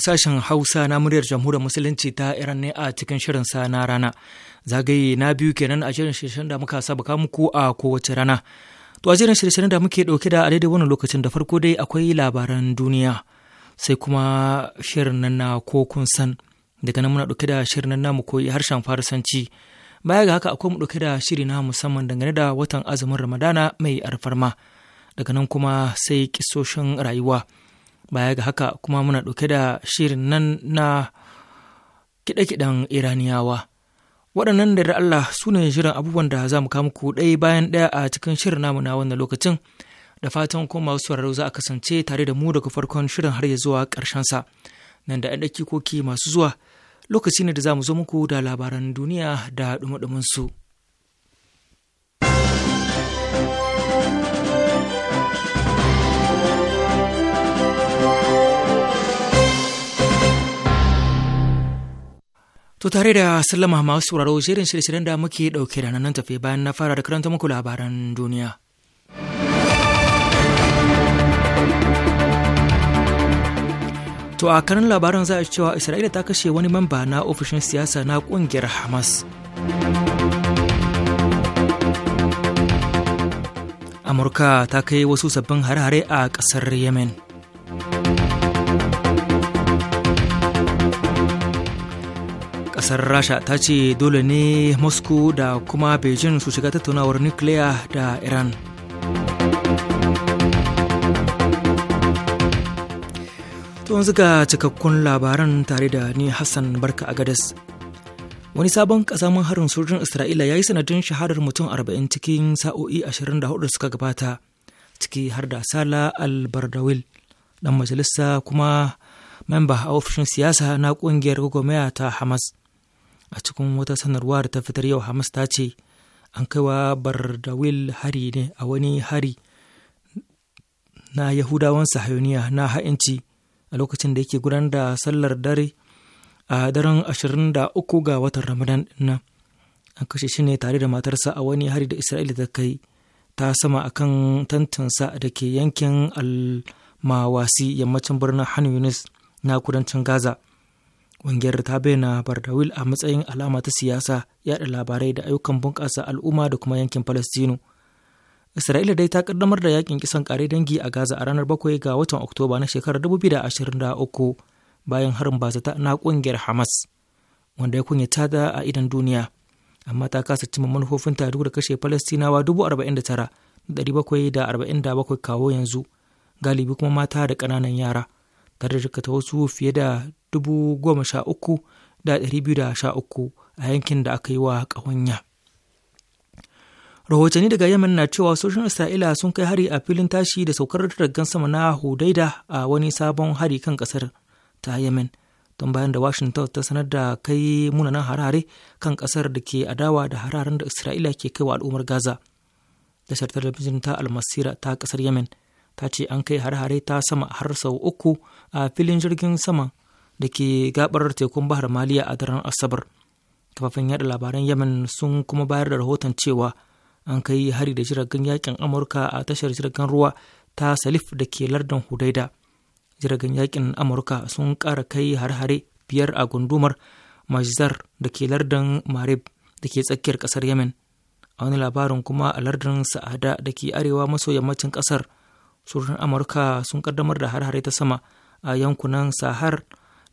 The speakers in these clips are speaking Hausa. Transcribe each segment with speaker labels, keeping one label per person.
Speaker 1: sashen Hausa na muryar jamhuriyar Musulunci ta Iran ne a cikin shirin sa na rana. Zagaye na biyu kenan a shirin shirin da muka sabaka muku a kowace rana. To a shirin shirin da muke dauke da a daidai wannan lokacin da farko dai akwai labaran duniya. Sai kuma shirin nan na ko kun san daga nan muna dauke da shirin nan namu koyi harshen Farisanci. Baya ga haka akwai mu dauke da shiri na musamman dangane da watan azumin Ramadana mai alfarma. Daga nan kuma sai kisoshin rayuwa. baya ga haka kuma muna ɗauke da shirin nan na kiɗe-kiɗen iraniyawa waɗannan da Allah su ne shirin abubuwan da za mu kawo muku ɗaya bayan ɗaya a cikin shirin namu na wannan lokacin da fatan kuma masu sauraro za a kasance tare da mu daga farkon shirin har ya zuwa sa nan da 'yan koki masu zuwa lokaci ne da za mu zo muku da labaran duniya da ɗumi su. To tare da sallama masu sauraro shirin shirye-shiryen da muke dauke da nan tafe bayan na fara da karanta muku labaran duniya. To a kanin labaran za a cewa Isra'ila ta kashe wani mamba na ofishin siyasa na kungiyar Hamas. Amurka ta kai wasu sabbin hare-hare a ƙasar Yemen. kasar rasha ta ce dole ne moscow da kuma beijing su shiga tattaunawar nukiliya da iran tun suka cikakkun labaran tare da ni hassan barka a gadas wani sabon kasamin harin sojin isra'ila ya yi sanadin shahadar mutum 40 cikin sa'o'i 24 da suka gabata ciki har da sala al-bardawil dan majalisa kuma memba a ofishin siyasa na kungiyar gwagwamaya ta hamas a cikin wata sanarwa da ta fitar yau hamas ta ce an kaiwa bardawil hari ne a wani hari na yahudawan sahayoniya na ha'inci a lokacin da yake gudanar da sallar dare a daren 23 ga watan ramadan na an kashe shi ne tare da matarsa a wani hari da isra'ila ta kai ta sama akan tantinsa da ke yankin almawasi yammacin birnin han yunis na kudancin gaza Ƙungiyar ta bayyana Bardawil a matsayin alama ta siyasa, yaɗa labarai da ayyukan bunƙasa al'umma da kuma yankin Falastinu. Isra'ila dai ta ƙaddamar da yakin kisan kare dangi a Gaza a ranar 7 ga watan Oktoba na shekarar 2023 bayan harin ta na ƙungiyar Hamas, wanda ya kunyata da a idan duniya. Amma ta kasa cimma manufofin ta duk da kashe Falastinawa 49,747 kawo yanzu, galibi kuma mata da ƙananan yara. tare da ta wasu fiye da 13,213 da a yankin da aka yi wa ƙawanya. rahotanni daga yemen na cewa sojojin isra'ila sun kai hari a filin tashi da saukar ragan sama na hudaida a wani sabon hari kan kasar ta yemen don bayan da washington ta sanar da kai munanan harare kan kasar da ke adawa da hararen da isra'ila ke kai wa al'ummar gaza tashar talabijin ta almasira ta kasar yemen. ta ce an kai har-hare ta sama har sau uku a filin jirgin sama da ke gabar tekun bahar maliya a daren asabar kafafen yada labaran yemen sun kuma bayar da rahoton cewa an kai hari da jiragen yakin amurka a tashar jiragen ruwa ta salif da ke lardin hudaida jiragen yakin amurka sun kara kai har-hare biyar a gundumar majzar da ke lardin marib da ke tsakiyar kasar yemen a wani labarin kuma a lardin sa'ada da ke arewa maso yammacin kasar sojojin amurka sun kaddamar da har-hare ta sama a yankunan sahar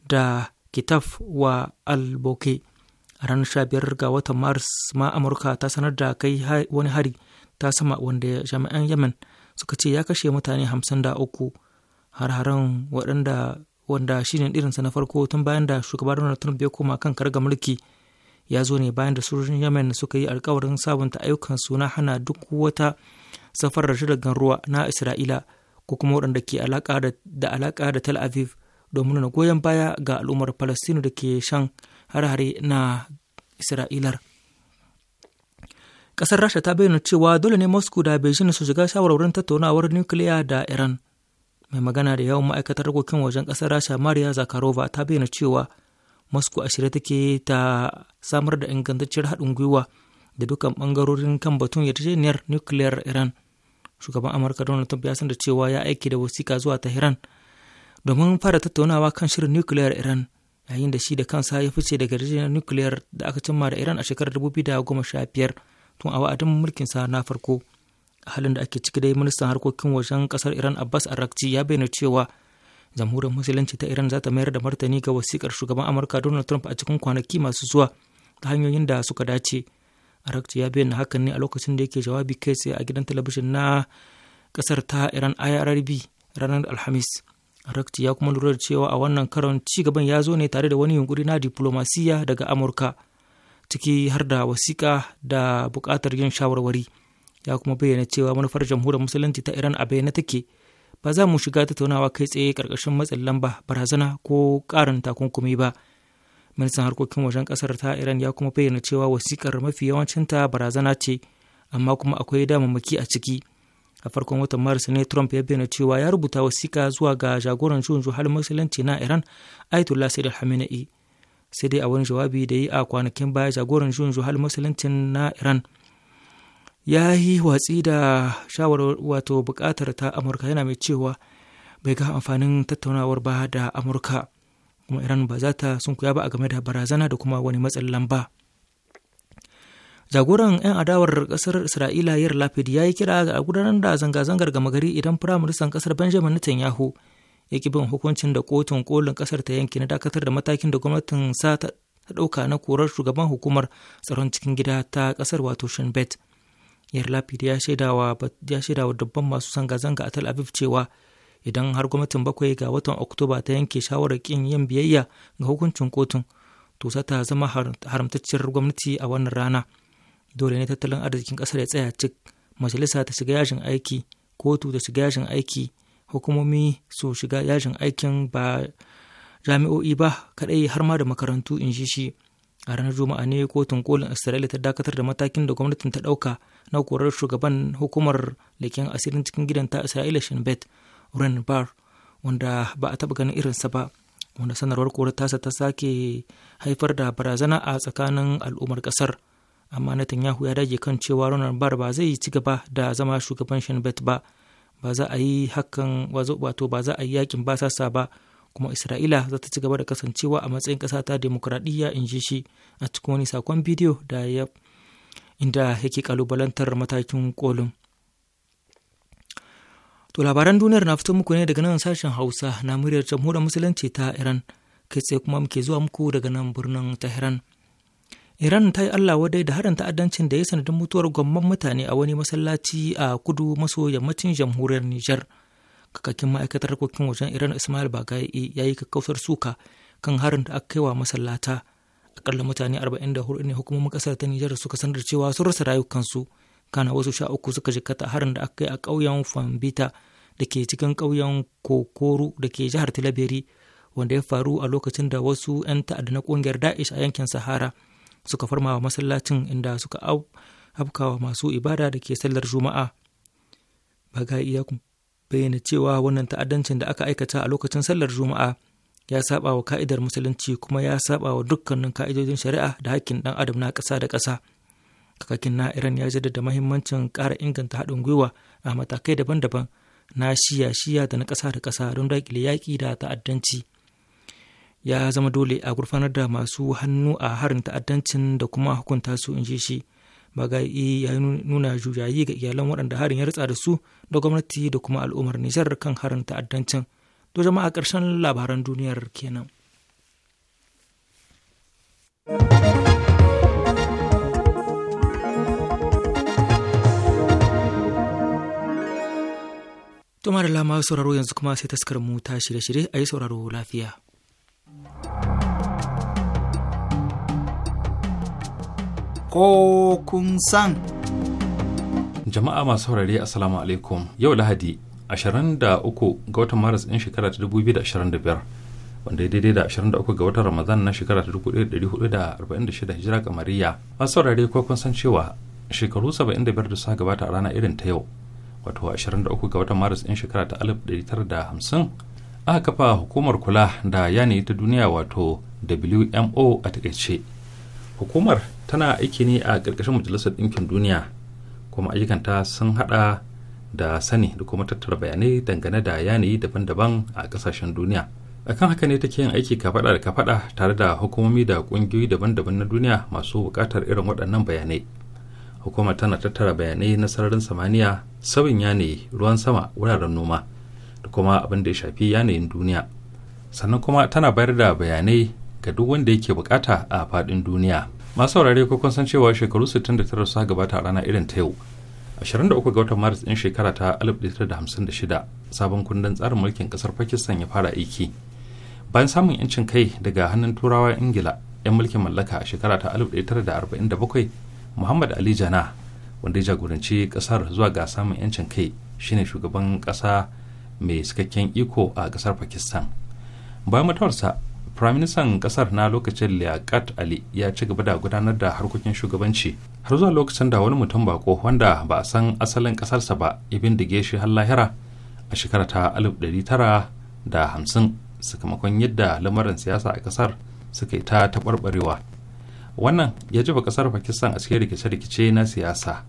Speaker 1: da kitaf wa alboke a ranar 15 ga watan mars ma amurka ta sanar da kai wani hari ta sama wanda jami'an yemen suka ce ya kashe mutane 53 har-haren waɗanda wanda shine irinsa na farko tun bayan da shugaban Donald Trump ya koma kan karga mulki ya zo ne bayan da sojojin Yemen suka yi alkawarin sabunta ayyukan suna hana duk wata safarar jiragen ruwa na Isra'ila ko kuma waɗanda ke da alaƙa da Tel Aviv domin na goyon baya ga al'ummar Falastinu da ke shan harhare na Isra'ilar. Ƙasar Rasha ta bayyana cewa dole ne Moscow da Beijing su shiga shawarwarin tattaunawar nukiliya da Iran. Mai magana da yawan ma'aikatar harkokin wajen ƙasar Rasha Maria Zakharova ta bayyana cewa Moscow a shirye take ta samar da ingantacciyar haɗin gwiwa da dukkan bangarorin kan batun yarjejeniyar nukiliyar Iran. shugaban amurka donald trump ya san da cewa ya aiki da wasiƙa zuwa tehran domin fara tattaunawa kan shirin nukiliyar iran yayin da shi da kansa ya fice daga rijiyar nukiliyar da aka cimma da iran a shekarar 2015 tun a wa'adin sa na farko a halin da ake ciki dai ministan harkokin wajen kasar iran abbas arakci ya bayyana cewa jamhuriyar musulunci ta iran za ta mayar da martani ga wasikar shugaban amurka donald trump a cikin kwanaki masu zuwa ta hanyoyin da suka dace Arakci ya bayyana hakan ne a lokacin da yake jawabi kai tsaye a gidan talabijin na kasar ta Iran IRB ranar Alhamis. Arakci ya kuma lura da cewa a wannan karon ci gaban ya zo ne tare da wani yunkuri na diplomasiya daga Amurka ciki har da wasiƙa da buƙatar yin shawarwari. Ya kuma bayyana cewa manufar jamhuriyar musulunci ta Iran a bayyana take ba za mu shiga tattaunawa kai tsaye karkashin matsin lamba barazana ko ƙarin takunkumi ba. ministan harkokin wajen kasar ta iran ya kuma bayyana cewa wasikar mafi yawancinta barazana ce amma kuma akwai damammaki a ciki a farkon watan maris ne trump ya bayyana cewa ya rubuta wasika zuwa ga jagoran juyin juhal musulunci na iran ayatollah sayyid al-hamenei sai dai a wani jawabi da yi a kwanakin baya jagoran juyin juhal musulunci na iran ya yi watsi da shawar wato bukatar ta amurka yana mai cewa bai ga amfanin tattaunawar ba da amurka kuma iran ba za ta sunkuya ba a game da barazana da kuma wani matsin lamba jagoran 'yan adawar kasar isra'ila yar lafid ya yi kira ga gudanar da zanga-zangar gama gari idan firaministan kasar benjamin netanyahu ya ki bin hukuncin da kotun kolin kasar ta yanki na dakatar da matakin da gwamnatin sa ta dauka na korar shugaban hukumar tsaron cikin gida ta kasar wato shin bet yar lafid ya shaidawa dubban masu zanga-zanga a tel aviv cewa idan har gwamnatin bakwai ga watan oktoba ta yanke shawarar kin yin biyayya ga hukuncin kotun to ta zama haramtacciyar gwamnati a wannan rana dole ne tattalin arzikin kasar ya tsaya cik majalisa ta shiga yajin aiki kotu ta shiga yajin aiki hukumomi su shiga yajin aikin ba jami'o'i ba kadai har ma da makarantu in shi shi a ranar juma'a ne kotun kolin isra'ila ta dakatar da matakin da gwamnatin ta dauka na korar shugaban hukumar leken asirin cikin gidan ta isra'ila shinbet Ren Bar wanda ba a taɓa ganin irinsa ba wanda sanarwar korar tasa ta sake haifar da barazana a tsakanin al'ummar ƙasar amma Netanyahu ya dage kan cewa Ronald Bar ba zai ci gaba da zama shugaban Shin Bet ba ba za a yi hakan wato ba za a yi yakin basasa ba kuma Isra'ila za ta ci gaba da kasancewa a matsayin ƙasa ta demokradiyya in ji shi a cikin wani sakon bidiyo da ya inda yake kalubalantar matakin kolin To labaran duniyar na fito muku ne daga nan sashen Hausa na muryar jamhuriyar musulunci ta Iran kai tsaye kuma muke zuwa muku daga nan birnin tahiran Iran ta yi Allah wadai da harin ta'addancin da ya sanadin mutuwar gwamman mutane a wani masallaci a kudu maso yammacin jamhuriyar Nijar. Kakakin ma'aikatar harkokin wajen Iran Ismail Bagai ya yi kakkausar suka kan harin da aka kai wa masallata. Akalla mutane 44 ne hukumomin kasar ta Nijar suka sanar cewa sun rasa rayukansu. su. kana wasu sha uku suka jikata harin da aka yi a ƙauyen fambita da ke cikin ƙauyen kokoru da ke jihar tilaberi wanda ya faru a lokacin da wasu 'yan ta'adda na ƙungiyar da'ish a yankin sahara suka farma wa masallacin inda suka afkawa masu ibada da ke sallar juma'a ga bayyana cewa wannan ta'addancin da aka aikata a lokacin sallar juma'a ya saba wa ka'idar musulunci kuma ya saba wa dukkanin ka'idojin shari'a da hakkin ɗan adam na ƙasa da ƙasa kakakin na iran ya jaddada mahimmancin kara inganta haɗin gwiwa a matakai daban-daban na shiya-shiya da na ƙasa da ƙasa don daƙile yaƙi da ta'addanci ya zama dole a gurfanar da masu hannu a harin ta'addancin da kuma hukunta su in ji shi magayi ya nuna juyayi ga iyalan waɗanda harin ya ritsa da su da gwamnati da kuma al'ummar nijar kan harin ta'addancin to jama'a ƙarshen labaran duniyar kenan. Tuma da lama sauraro yanzu kuma sai taskar mu ta shirye-shirye a yi sauraro
Speaker 2: lafiya. Ko kun san.
Speaker 3: Jama'a masu saurare Assalamu alaikum yau Lahadi 23 ga watan Maris ɗin shekara ta 2025. wanda ya daidai da 23 ga watan Ramadan na shekara ta 1446 hijira kamariya. Masu saurare ko kun san cewa shekaru 75 da suka gabata a rana irin ta yau, wato 23 ga watan maris ɗin shekara ta 1950 aka kafa hukumar kula da yanayi ta duniya wato wmo a takaice hukumar tana aiki ne a ƙarƙashin majalisar ɗinkin duniya kuma ayyukanta sun hada da sani da kuma tattara bayanai dangane da yanayi daban-daban a kasashen duniya akan haka ne take yin aiki kafaɗa da kafaɗa tare da hukumomi da ƙungiyoyi daban-daban na duniya masu buƙatar irin waɗannan bayanai hukumar tana tattara bayanai na sararin samaniya sauyin yanayi ruwan sama wuraren noma da kuma abin da ya shafi yanayin duniya sannan kuma tana bayar da bayanai ga duk wanda yake bukata a fadin duniya masu saurare ko kun san cewa shekaru 69 suka gabata a rana irin ta yau 23 ga watan maris din shekara ta 1956 sabon kundin tsarin mulkin kasar pakistan ya fara aiki bayan samun yancin kai daga hannun turawa ingila 'yan mulkin mallaka a shekara ta 1947 muhammad ali jana wanda ya jagoranci kasar zuwa ga samun yancin kai shine shugaban kasa mai cikakken iko a kasar pakistan bayan mutuwarsa firaministan kasar na lokacin liyakat ali ya ci gaba da gudanar da harkokin shugabanci har zuwa lokacin da wani mutum bako wanda ba a san asalin kasarsa ba ibin dige shi har lahira a shekara ta 1950 sakamakon yadda lamarin siyasa a kasar suka yi ta taɓarɓarewa wannan ya jefa kasar pakistan a cikin rikice-rikice na siyasa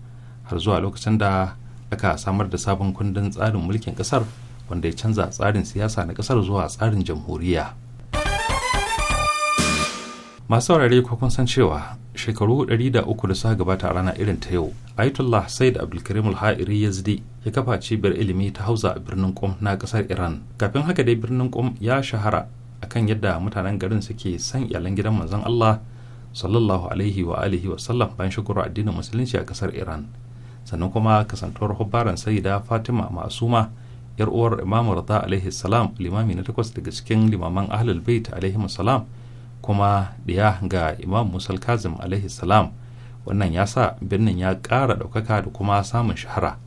Speaker 3: har zuwa lokacin da aka samar da sabon kundin tsarin mulkin kasar wanda ya canza tsarin siyasa na kasar zuwa tsarin jamhuriya masu saurare ko kun san cewa shekaru 300 da suka gabata a rana irin ta yau ayatollah said abdulkarim al-ha'iri yazdi ya kafa cibiyar ilimi ta hausa a birnin qom na kasar iran kafin haka dai birnin qom ya shahara akan yadda mutanen garin suke san iyalan gidan manzon allah sallallahu alaihi wa alihi wa sallam bayan shigar addinin musulunci a kasar iran sannan kuma kasantuwar hubbaran sayyida fatima masuma yar uwar imam rada alaihi salam limami na takwas daga cikin limaman ahlul bait alaihi salam kuma ɗaya ga imam musal kazim alaihi salam wannan ya sa birnin ya kara daukaka da kuma samun shahara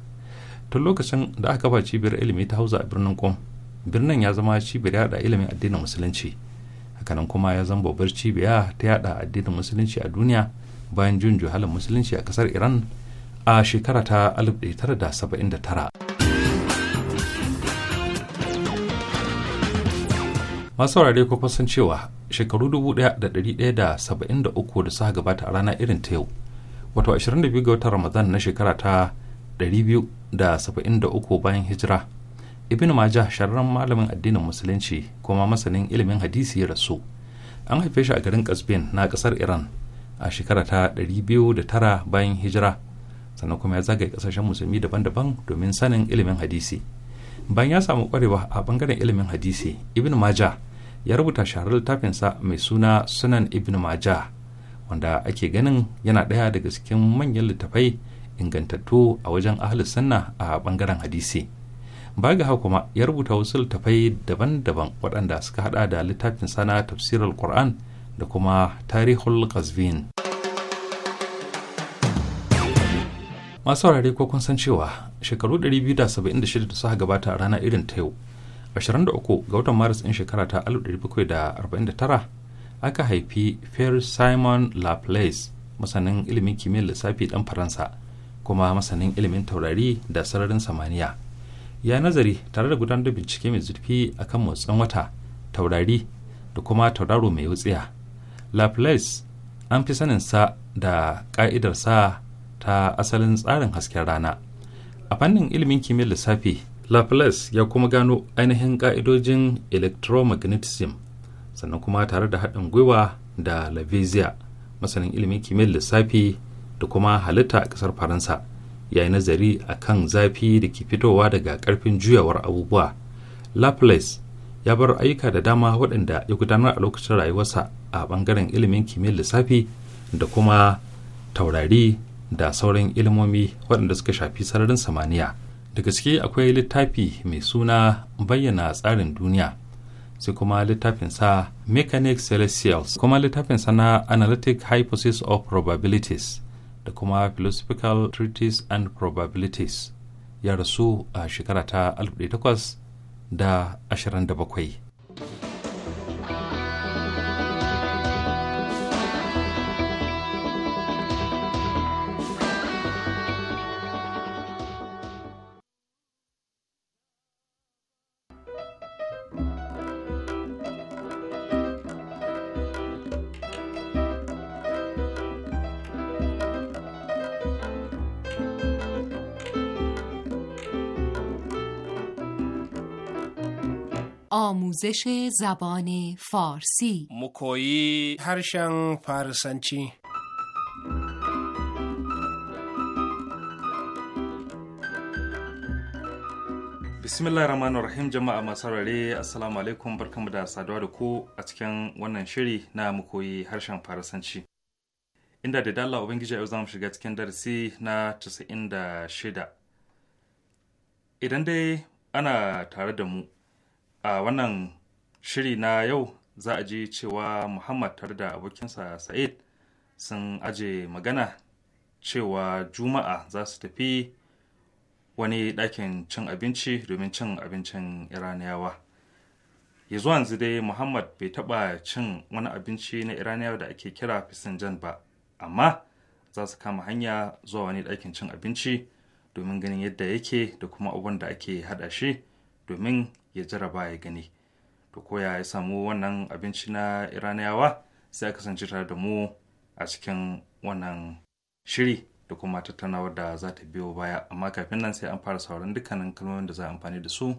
Speaker 3: tun lokacin da aka ba cibiyar ilimi ta hauza a birnin kum birnin ya zama cibiyar yada ilimin addinin musulunci hakanan kuma ya zama babbar cibiya ta yada addinin musulunci a duniya bayan jin juhalin musulunci a kasar iran a shekara ta 1979 masu saurare ko fasan cewa shekaru 1173 da suka gabata a rana irin ta yau wato 22 ga watan ramadan na shekara ta 273 bayan hijira ibn majah shararren malamin addinin musulunci kuma masanin ilimin hadisi ya rasu an haife shi a garin kasbin na kasar iran a shekara ta 209 bayan hijira sannan kuma ya zagaye kasashen musulmi daban-daban domin sanin ilimin hadisi bayan ya samu kwarewa a bangaren ilimin hadisi ibn majah ya rubuta littafin littafinsa mai suna sunan ibn majah wanda ake ganin yana ɗaya daga cikin manyan littafai ingantattu a wajen ahlus sunna a bangaren hadisi baga haka kuma ya rubuta wasu littafai daban-daban waɗanda suka haɗa da littafin sana tafsirar qur'an da kuma tarihul qazvin masu saurare ko kun san cewa shekaru 276 da suka gabata a rana irin ta yau 23 ga watan maris in shekara ta 1749 aka haifi fair simon laplace masanin ilimin kimiyyar lissafi dan faransa kuma masanin ilimin taurari da sararin samaniya ya nazari tare da gudanar da bincike mai zurfi kan motsin wata taurari da kuma tauraro mai wutsiya laplace an fi sanin sa da sa ta asalin tsarin hasken rana a fannin ilimin kimiyyar lissafi laplace ya kuma gano ainihin ƙa'idojin electromagnetism sannan kuma tare da haɗin gwiwa da lavizia masanin ilimin kimiyyar lissafi da kuma halitta a ƙasar faransa ya yi nazari a kan zafi da ke fitowa daga karfin juyawar abubuwa laplace ya bar ayyuka da dama waɗanda ya gudanar a lokacin rayuwarsa a ɓangaren ilimin kimiyyar lissafi da kuma taurari da sauran ilimomi waɗanda suka shafi sararin samaniya da gaske akwai littafi mai suna bayyana tsarin duniya sai kuma littafinsa mechanic celestials kuma littafinsa na analytic hypothesis of probabilities da kuma philosophical treaties and probabilities ya rasu a shekara ta 1827
Speaker 4: آموزش
Speaker 5: زبان koyi harshen هرشن فارسنچی
Speaker 3: bismillah rahman rahim jama'a masu saurare assalamu alaikum barkamu da saduwa da ku a cikin wannan shiri na mu koyi harshen faransanci inda da dala ubangiji yau za mu shiga cikin darasi na da shida idan dai ana tare da mu a wannan shiri na yau za a ji cewa muhammad tare da abokinsa sa'id sun aje magana cewa juma'a za su tafi wani ɗakin cin abinci domin cin abincin iraniyawa ya zuwa yanzu dai muhammad bai taɓa cin wani abinci na iraniyawa da ake kira fisinjan ba amma za su kama hanya zuwa wani ɗakin cin abinci domin ganin yadda yake da kuma abin da ake haɗa shi domin ya jaraba ya gani to koya ya samu wannan abinci na iraniyawa sai a kasance tare da mu a cikin wannan shiri da kuma tattaunawar da za ta biyo baya amma kafin nan sai an fara sauran dukkanin kalmomin da za a amfani da su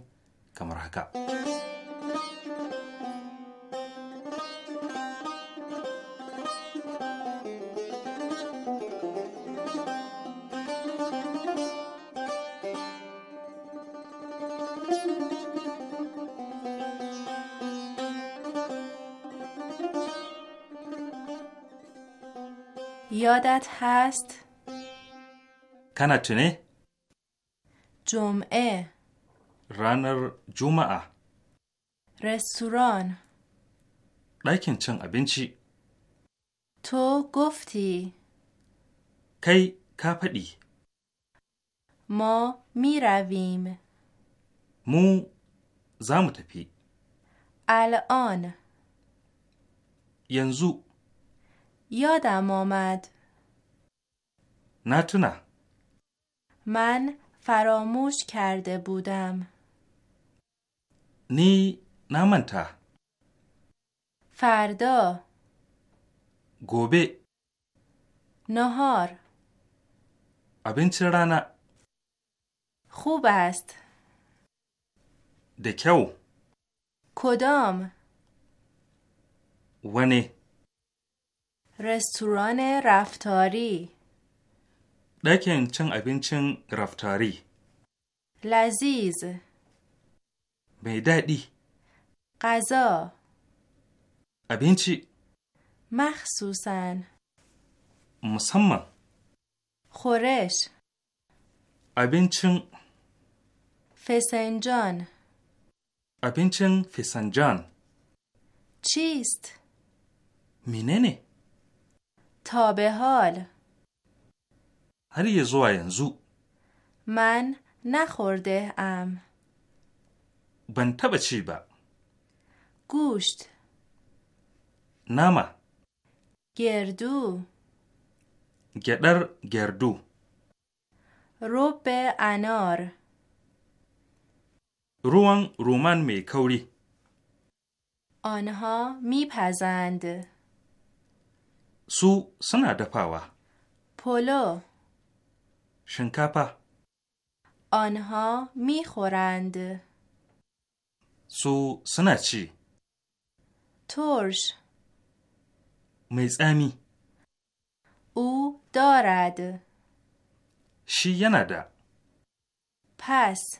Speaker 3: kamar haka.
Speaker 6: یادت هست؟
Speaker 3: kana tune?
Speaker 6: Jum'e.
Speaker 3: Ranar Juma'a.
Speaker 6: Restoran.
Speaker 3: Ɗakin cin abinci.
Speaker 6: To gofti.
Speaker 3: Kai ka faɗi.
Speaker 6: Ma miravim.
Speaker 3: Mu za mu tafi.
Speaker 6: Al'on. Yanzu. Yadam omad. نتونم من فراموش کرده بودم
Speaker 3: نی نمنتا
Speaker 6: فردا گوبه نهار
Speaker 3: ابین چرانه
Speaker 6: خوب است دکو کدام ونه رستوران رفتاری
Speaker 3: ده که این چنگ عبین چنگ رفتاری
Speaker 6: لذیز
Speaker 3: میده دی
Speaker 6: مخصوصن
Speaker 3: مسمم
Speaker 6: خورش
Speaker 3: عبین چنگ
Speaker 6: فسنجان
Speaker 3: عبین چنگ فسنجان
Speaker 6: چیست؟ مینن تابهال
Speaker 3: هر یه zuwa
Speaker 6: من نخورده ام
Speaker 3: بن تب چی
Speaker 6: گوشت نما گردو
Speaker 3: گدر گردو
Speaker 6: روب انار
Speaker 3: روان رومان می کوری
Speaker 6: آنها میپزند
Speaker 3: سو سنا دپاوا
Speaker 6: پلو
Speaker 3: شنکاپا
Speaker 6: آنها میخورند
Speaker 3: سو سنا چی؟
Speaker 6: ترش
Speaker 3: میزامی
Speaker 6: او دارد
Speaker 3: شی یندا
Speaker 6: پس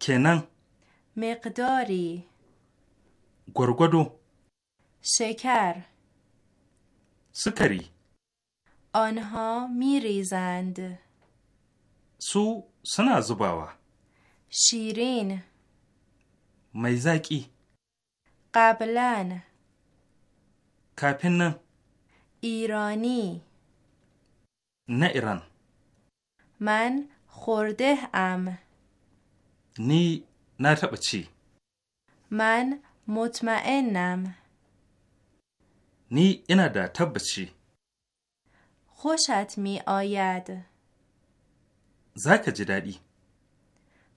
Speaker 6: کنن مقداری
Speaker 3: گرگدو
Speaker 6: شکر سکری آنها میریزند
Speaker 3: سو سنا زباوا
Speaker 6: شیرین
Speaker 3: میزاکی
Speaker 6: قبلا کپن ایرانی نه ایران من خورده ام
Speaker 3: نی نتبه چی
Speaker 6: من مطمئنم
Speaker 3: نی اینا دا تبچی چی
Speaker 6: خوشت می آید
Speaker 3: زاک جی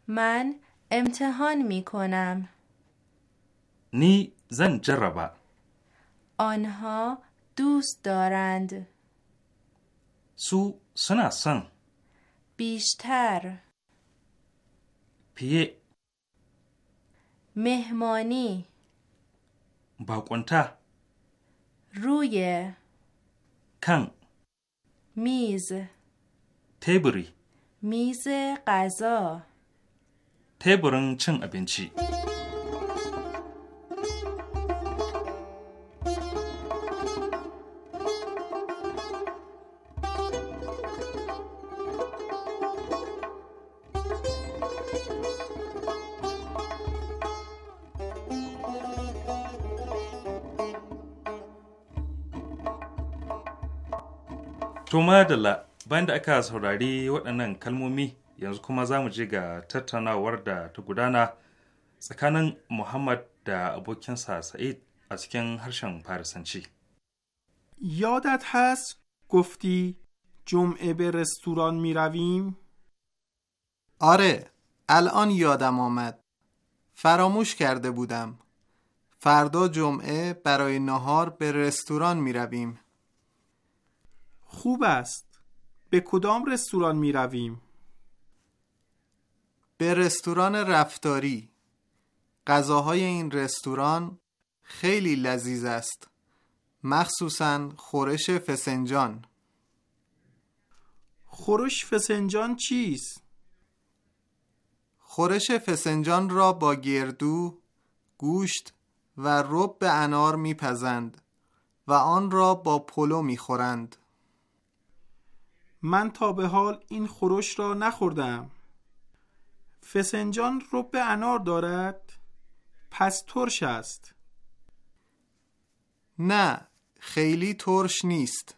Speaker 6: من امتحان می کنم
Speaker 3: نی زن جربا
Speaker 6: آنها دوست دارند
Speaker 3: سو سنا سن
Speaker 6: بیشتر پیه مهمانی
Speaker 3: باقونتا
Speaker 6: روی کن میز تبری میز غذا
Speaker 3: تبرن چن ابینچی To madalla bayan da aka saurari waɗannan kalmomi yanzu kuma za mu je ga tattaunawar da ta gudana tsakanin muhammad da abokinsa sa'id a cikin harshen farisanci
Speaker 5: yadat has
Speaker 7: gofti jum'a be restaurant می are آره الان یادم آمد فراموش کرده بودم فردا جمعه برای نهار به رستوران می رویم خوب است به کدام رستوران می رویم؟ به رستوران رفتاری غذاهای این رستوران خیلی لذیذ است مخصوصا خورش فسنجان خورش فسنجان چیست؟ خورش فسنجان را با گردو، گوشت و رب انار میپزند و آن را با پلو میخورند. من تا به حال این خورش را نخوردم فسنجان به انار دارد پس ترش است نه خیلی ترش نیست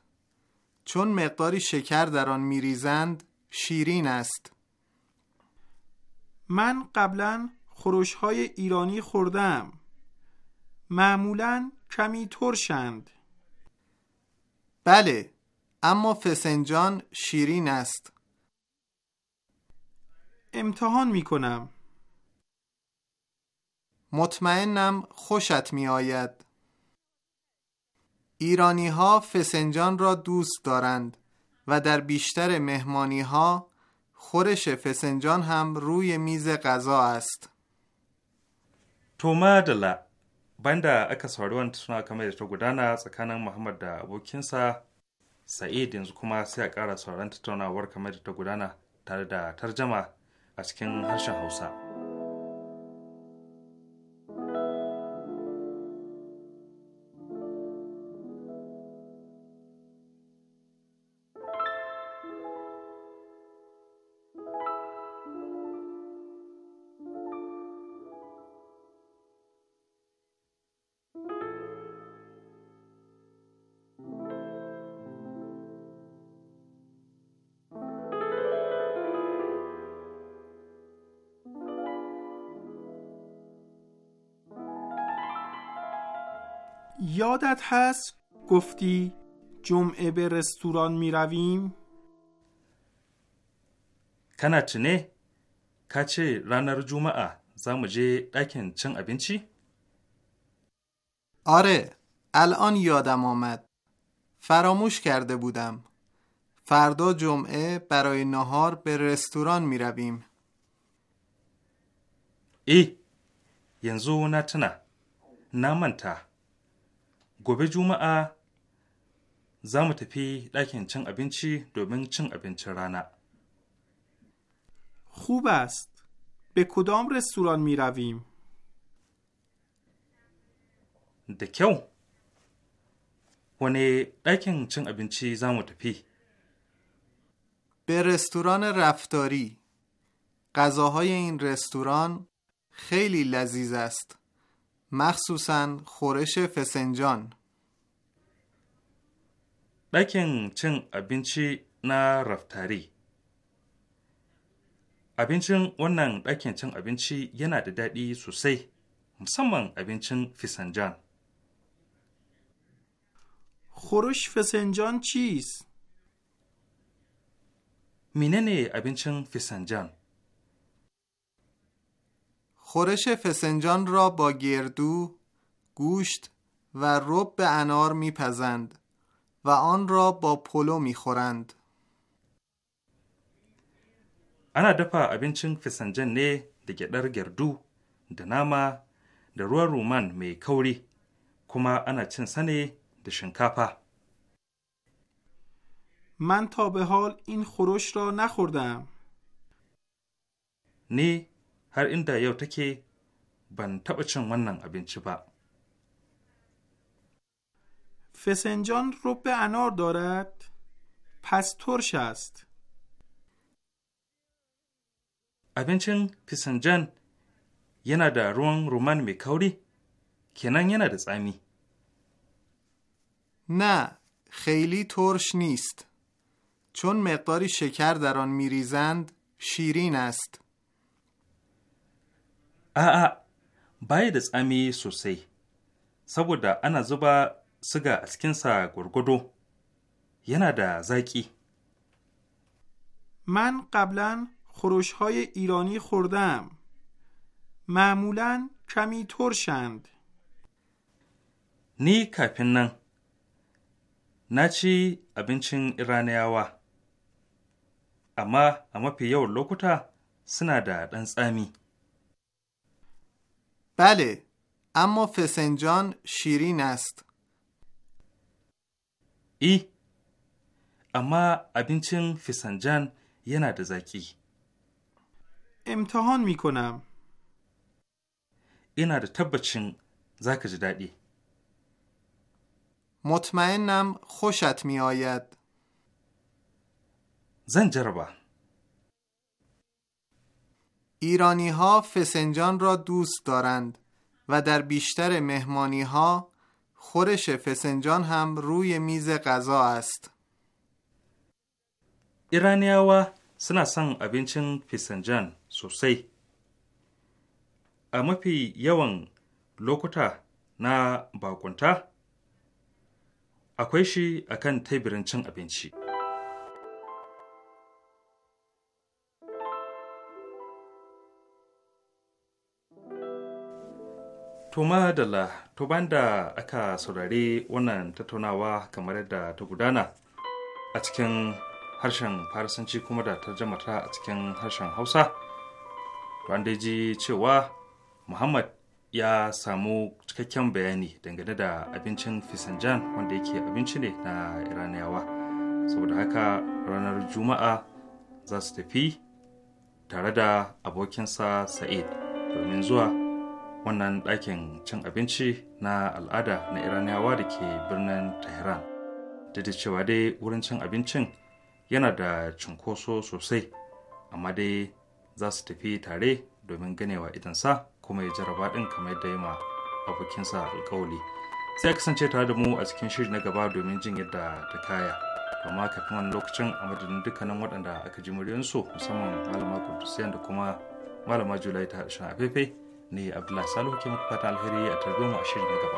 Speaker 7: چون مقداری شکر در آن میریزند شیرین است من قبلا خورش های ایرانی خوردم معمولا کمی ترشند بله اما فسنجان شیرین است امتحان می کنم مطمئنم خوشت می آید ایرانی ها فسنجان را دوست دارند و در بیشتر مهمانی ها خورش فسنجان هم روی میز غذا است تو مدلا
Speaker 3: بنده اکا ساروان تسنا کمه گدانا سکانن محمد دا ابوکینسا sa'id yanzu kuma sai a ƙara sauran tattaunawar kamar da ta gudana tare da tarjama a cikin
Speaker 1: harshen hausa
Speaker 8: یادت هست گفتی جمعه به رستوران
Speaker 3: می رویم؟ کچه نه کچه ce ranar juma'a za
Speaker 7: آره الان یادم آمد فراموش کرده بودم فردا جمعه برای نهار به رستوران می رویم ای ینزو نتنه.
Speaker 3: نامنته gobe juma'a za mu tafi ɗakin cin abinci domin cin abincin rana. خوب است. به کدام رستوران می رویم؟ دکیو ونه دکن چن ابینچی زمو تپی
Speaker 7: به رستوران رفتاری غذاهای این رستوران خیلی لذیذ است مخصوصا خورش فسنجان ɗakin cin
Speaker 3: abinci na raftari abincin wannan ɗakin cin abinci yana da daɗi sosai musamman abincin fisanjan خورش فسنجان چیست؟
Speaker 7: میننه ابینچن فسنجان خورش فسنجان را با گردو، گوشت و رب anar انار میپزند. و آن را با پلو
Speaker 3: ana dafa abincin fisanjan ne da gyaɗar gyardu da nama da ruwan ruman mai kauri kuma ana cin sane da shinkafa. من تا به حال این خورش را نخوردم. نی هر این yau یو ban taɓa cin wannan abinci ba. فسنجان رب انار دارد پس ترش است ابینچین فسنجان ینا د روون رومان می که نه ینا
Speaker 7: د سامی نه خیلی ترش نیست چون مقداری شکر در آن میریزند شیرین است
Speaker 3: اا بایهد امی سوسی سبوده انا زبه siga a cikinsa gwargwado yana da zaƙi.
Speaker 8: من قبلا خورش های ایرانی خوردم معمولا کمی ترشند
Speaker 3: نی کپین نن نچی ابینچین ایرانیاوا اما اما پی یو لوکوتا سنا دا
Speaker 7: دن تسامی بله اما فسنجان شیرین است ای
Speaker 3: اما ابینچن فسنجان یه نده زکی
Speaker 7: امتحان می کنم این نده تبچن زک مطمئنم خوشت می آید زن جربه ایرانی ها فسنجان را دوست دارند و در بیشتر مهمانی ها خورش فسنجان هم روی میز غذا است.
Speaker 3: ایرانیاوا suna son abincin fisanjan sosai. A mafi yawan lokuta na baƙunta, akwai shi akan teburin cin abinci. To madalla, to da aka saurari wannan tattaunawa kamar yadda ta gudana a cikin harshen Farisanci kuma da tarjama ta a cikin harshen Hausa, wanda ji cewa Muhammad ya samu cikakken bayani dangane da abincin Fisanjan wanda yake abinci ne na Iraniyawa. Saboda haka ranar Juma'a za su tafi tare da abokinsa Sa'id domin zuwa wannan ɗakin cin abinci na al'ada na iraniyawa da ke birnin tehran da da cewa dai wurin cin abincin yana da cunkoso sosai amma dai za su tafi tare domin ganewa idansa kuma ya jaraba ɗin kamar yadda ya ma abokinsa alkawali sai kasance tare da mu a cikin shiri na gaba domin jin yadda ta kaya amma kafin wani lokacin a madadin dukkanin waɗanda aka ji muryansu musamman malama kudusiyan da kuma malama julai ta harshen afefe ne abdullahi salo ke muku fata alheri a tarbiyyar mu a shirin na gaba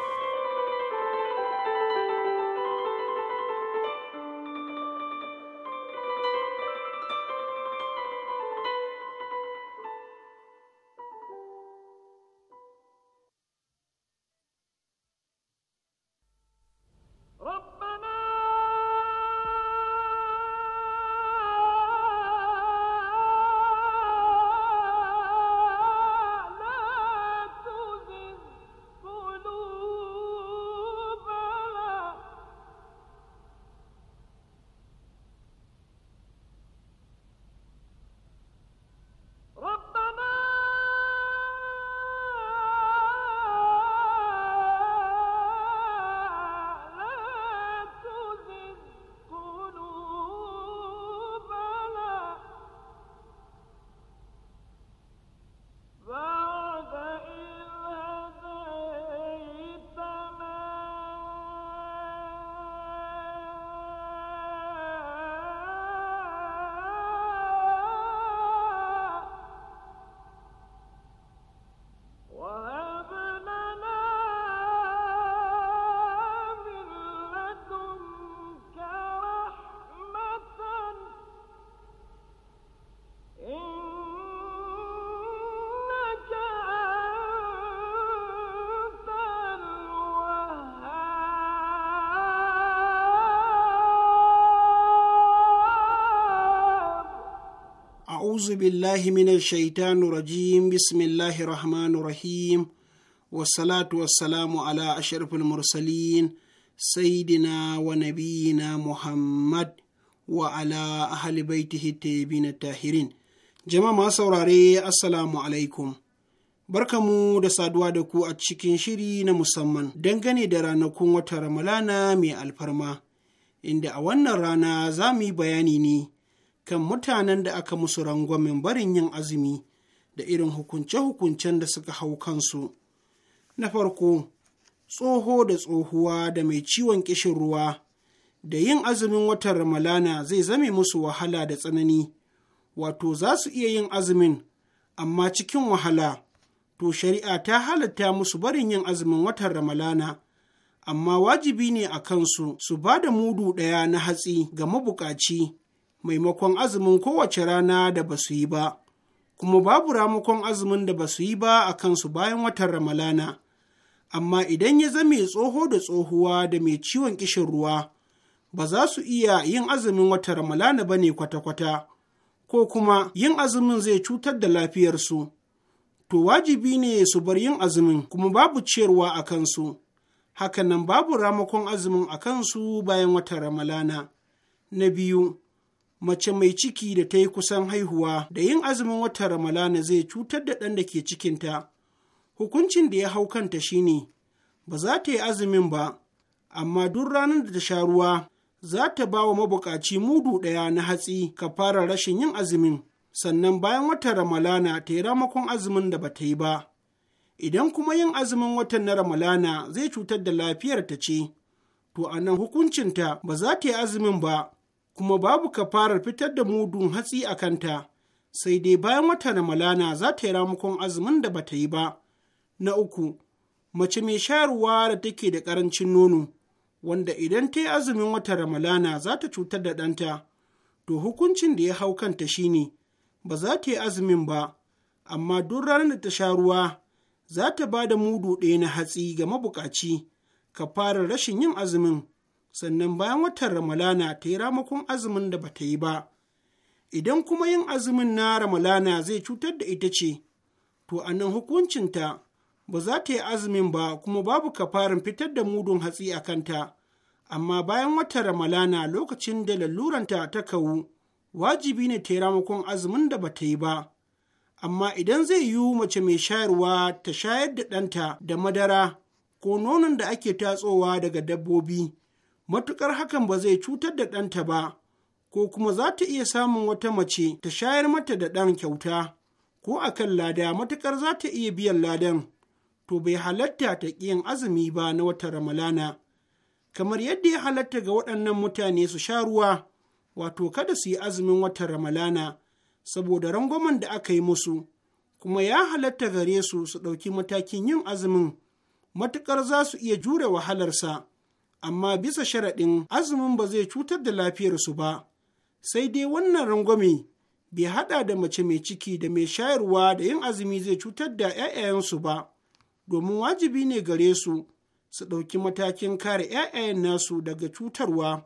Speaker 5: أعوذ بالله من الشيطان الرجيم بسم الله الرحمن الرحيم والصلاة والسلام على أشرف المرسلين سيدنا ونبينا محمد وعلى أهل بيته الطيبين الطاهرين جماعة سوراري السلام عليكم Barkamu da saduwa da ku a cikin shiri na musamman dangane da ranakun wata Ramalana mai alfarma, inda a wannan rana za mu yi bayani ne kan mutanen da aka musu rangwamen barin yin azumi da irin hukunce-hukuncen da suka hau kansu. Na farko, tsoho da tsohuwa da mai ciwon ƙishin ruwa da yin azumin watan Ramalana zai zame musu wahala da tsanani, wato za su iya yin azumin, amma cikin wahala, to shari'a ta halatta musu barin yin azumin watan Ramalana, amma wajibi ne a kansu su ba da mudu ɗaya na hatsi ga mabukaci maimakon azumin kowace rana da ba su yi ba, kuma babu ramakon azumin da ba su yi ba a kansu bayan watan Ramalana. Amma idan ya zame tsoho da tsohuwa da mai ciwon kishin ruwa, ba za su iya yin azumin watan Ramalana ba ne kwata-kwata, ko kuma yin azumin zai cutar da lafiyarsu. To wajibi ne su bar yin azumin kuma babu ciyarwa a kansu. nan babu ramakon azumin a kansu bayan watan Ramalana. Na biyu, mace mai ciki da ta yi kusan haihuwa da yin azumin watan ramalana zai cutar da ɗan da ke cikinta hukuncin da ya hau kanta shi ne, ba za ta yi azumin ba amma duk ranar da ta sha ruwa za ta ba wa mabukaci mudu ɗaya na hatsi ka fara rashin yin azumin sannan bayan watan ramalana ta yi ramakon azumin da ba ta yi ba idan kuma yin azumin watan na ramalana zai cutar da lafiyar ta ce to anan hukuncinta ba za ta yi azumin ba kuma babu kafarar fitar da mudun hatsi a kanta, sai dai bayan wata Ramalana za ta yi ramukon azumin da bata yi ba. Na uku, mace mai shayarwa da take da ƙarancin nono, wanda idan ta yi azumin wata Ramalana za ta cutar da ɗanta, to hukuncin da ya hau kanta shi ne, ba za ta yi azumin ba, amma duk ranar da ta sha ruwa za ta ba da mudu ɗaya na hatsi ga mabukaci, fara rashin yin azumin. sannan bayan watan ramalana ta yi ramakon azumin da bata yi ba idan kuma yin azumin na ramalana zai cutar da ita ce to a nan hukuncinta ba za ta yi azumin ba kuma babu kafarin fitar da mudun hatsi a kanta amma bayan watan ramalana lokacin da laluranta ta kawu wajibi ne ta yi ramakon azumin da bata yi ba amma idan zai yiwu mace mai shayarwa ta shayar da ɗanta da madara ko nonon da ake tatsowa daga dabbobi matuƙar hakan ba zai cutar da ɗanta ba, ko kuma za ta iya samun wata mace ta shayar mata da ɗan kyauta, ko a kan lada matuƙar za ta iya biyan ladan, to bai halatta ta ƙiyan azumi ba na wata Ramalana. Kamar yadda ya halatta ga waɗannan mutane su sha ruwa, wato kada su yi azumin wata Ramalana, saboda rangwamen da aka yi musu, kuma ya halatta gare su su ɗauki matakin yin azumin, matuƙar za su iya jure wahalarsa. amma bisa sharaɗin azumin ba zai cutar da lafiyarsu ba, sai dai wannan rangwame bai haɗa da mace mai ciki da mai shayarwa da yin azumi zai cutar da 'ya'yayensu ba, domin wajibi ne gare su su ɗauki matakin kare 'ya'yayen nasu daga cutarwa,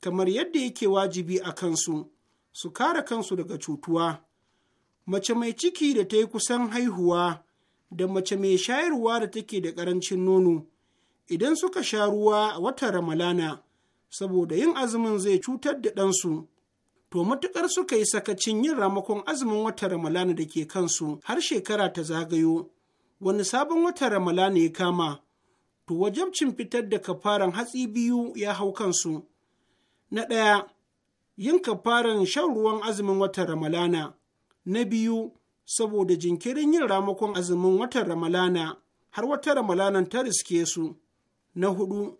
Speaker 5: kamar yadda yake wajibi a kansu, su kare kansu daga cutuwa. Mace mai ciki da ta yi kusan haihuwa da mace mai shayarwa da take da ƙarancin nono. idan suka sha ruwa a watan Ramalana, saboda yin azumin zai cutar da ɗansu. To matuƙar suka yi sakacin yin ramakon azumin watan Ramalana da ke kansu har shekara ta zagayo, wani sabon watan Ramalana ya kama, to wajabcin fitar da kafaran hatsi biyu ya hau kansu. Na ɗaya, yin kafaran shan ruwan azumin watan Ramalana. Na biyu, saboda jinkirin yin ramakon azumin watan Ramalana har wata Ramalana ta riske su. na hudu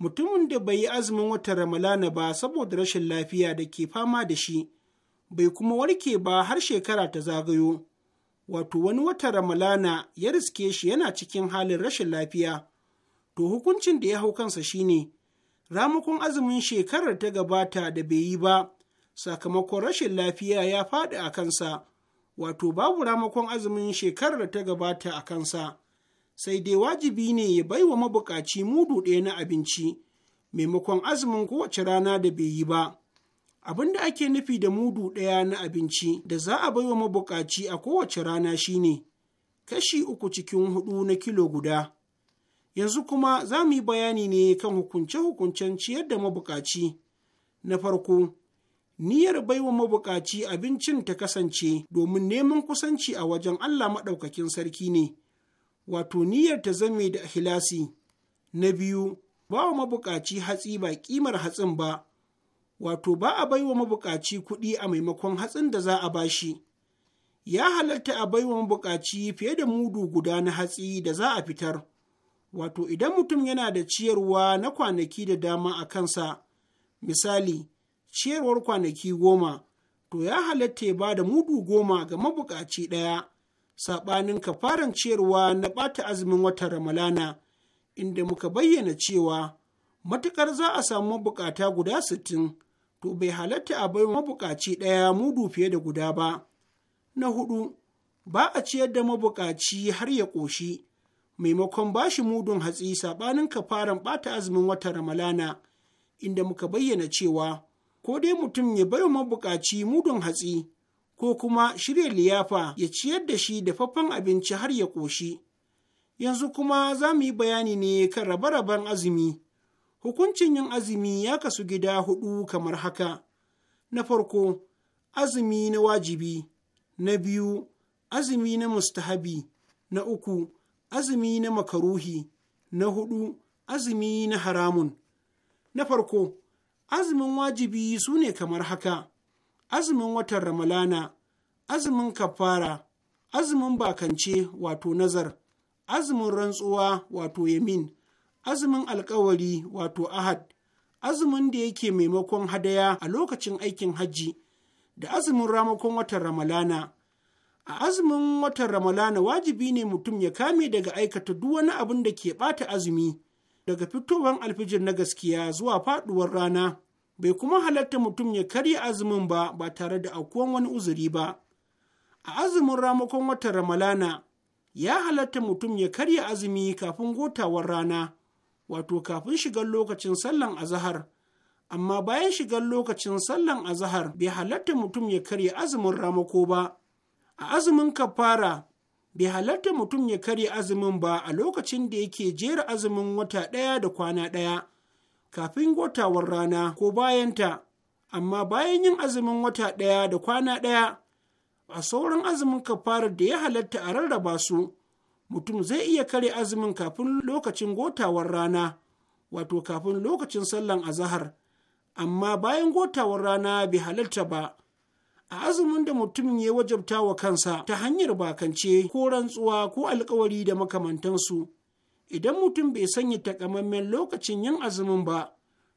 Speaker 5: mutumin da bai yi azumin watan ramalana ba saboda rashin lafiya da ke fama da shi bai kuma warke ba har shekara ta zagayo wato wani watan ramalana ya riske shi yana cikin halin rashin lafiya to hukuncin da ya hau kansa shine ramakon azumin shekarar ta gabata da bai yi ba sakamakon rashin lafiya ya faɗi a kansa wato babu ramakon azumin shekarar ta gabata a kansa sai dai wajibi ne ya bai wa mabukaci mudu ɗaya na abinci maimakon azumin kowace rana da bai yi ba abin da ake nufi da mudu ɗaya na abinci da za a bai wa mabukaci a kowace rana shine kashi uku cikin hudu na kilo guda yanzu kuma za mu yi bayani ne kan hukunce-hukuncen ciyar da mabukaci na farko niyyar baiwa mabukaci abincin ta kasance domin neman kusanci a wajen Allah maɗaukakin sarki ne, wato niyyar ta zame da hilasi na biyu ba wa mabukaci hatsi ba kimar hatsin ba wato ba a baiwa mabukaci kuɗi a maimakon hatsin da za a bashi ya halatta a baiwa mabukaci fiye da mudu guda na hatsi da za a fitar wato idan mutum yana da ciyarwa na kwanaki da dama a kansa misali ciyarwar kwanaki goma to ya halatta ya ba da mudu goma ga mabukaci ɗaya saɓanin kafaran ciyarwa na ɓata azumin watan Ramalana, inda muka bayyana cewa matuƙar za a samu mabukata guda sittin, to bai halatta a bai mabukaci ɗaya mudu fiye da guda ba. Na hudu, ba a ciyar da mabukaci har ya ƙoshi, maimakon ba shi mudun hatsi saɓanin kafaran ɓata azumin watan Ramalana, inda muka bayyana cewa ko dai mutum ya bai mabukaci mudun hatsi ko kuma shirya liyafa ya ciyar da shi dafaffen abinci har ya ƙoshi. Yanzu kuma za mu yi bayani ne kan rabe-raben azumi. Hukuncin yin azumi ya kasu gida hudu kamar haka. Na farko, azumi na wajibi. Na biyu, azumi na mustahabi. Na uku, azumi na makaruhi. Na hudu azumi na haramun. Na farko, azumin wajibi su ne kamar haka. azumin watan ramalana azumin kafara azumin bakance wato nazar azumin rantsuwa wato yamin azumin alkawari wato ahad azumin da yake maimakon hadaya a lokacin aikin hajji da azumin ramakon watan ramalana a azumin watan ramalana wajibi ne mutum ya kame daga aikata duk wani abin da ke ɓata azumi daga fitowar alfijir na gaskiya zuwa faɗuwar rana bai kuma halatta mutum ya karya azumin ba ba tare da akuwan wani uzuri ba a azumin ramakon watan ramalana ya halatta mutum ya karya azumi kafin gotawar rana wato kafin shigar lokacin sallan azahar amma bayan shigar lokacin sallan azahar bai halatta mutum ya karya azumin ramako ba a azumin kafara bai halatta mutum ya karya azumin ba a lokacin da yake jera azumin wata ɗaya da kwana ɗaya kafin gotawar rana ko bayanta, amma bayan yin azumin wata ɗaya da kwana ɗaya, a sauran azumin kafarar da ya halatta a rarraba su, mutum zai iya kare azumin kafin lokacin gotawar rana, wato kafin lokacin sallan azahar, amma bayan gotawar rana bai halatta ba. a azumin da mutumin ya wajabta wa kansa ta hanyar bakance ko rantsuwa ko alkawari da makamantansu idan mutum bai sanya takamaiman lokacin yin azumin ba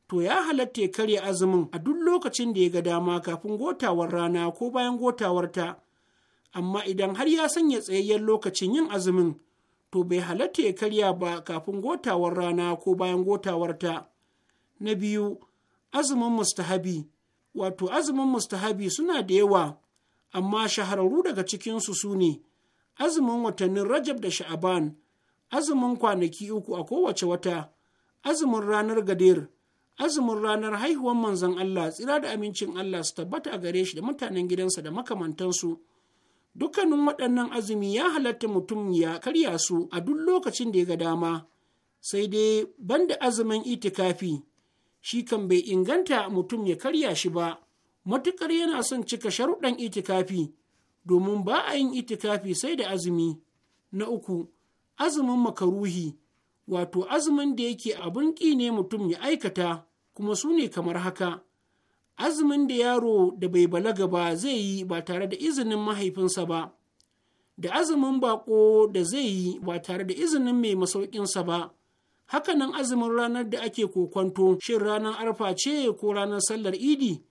Speaker 5: to ya halatta ya karya azumin a duk lokacin da ya ga dama kafin gotawar rana ko bayan gotawarta amma idan har ya sanya tsayayyen lokacin yin azumin to bai halatta ya karya ba kafin gotawar rana ko bayan gotawarta na biyu azumin mustahabi wato azumin mustahabi suna da yawa amma shahararru daga cikinsu su ne azumin watannin rajab da sha'aban azumin kwanaki uku a kowace wata azumin ranar gadir azumin ranar haihuwar manzon Allah tsira da amincin Allah su tabbata a gare shi da mutanen gidansa da makamantansu dukkanin waɗannan azumi ya halatta mutum ya karya su a duk lokacin da ya ga dama sai dai banda azumin itikafi shi kan bai inganta mutum ya karya shi ba matuƙar yana son cika sharuɗan itikafi domin ba a yin itikafi sai da azumi na uku azumin makaruhi wato azumin da yake abin ƙi ne mutum ya aikata kuma su ne kamar haka azumin da yaro da bai balaga ba zai yi ba tare da izinin mahaifinsa ba da azumin bako da zai yi ba tare da izinin mai masauƙinsa ba Haka nan azumin ranar da ake kokwanto shin ranar arfa ce ko ranar sallar idi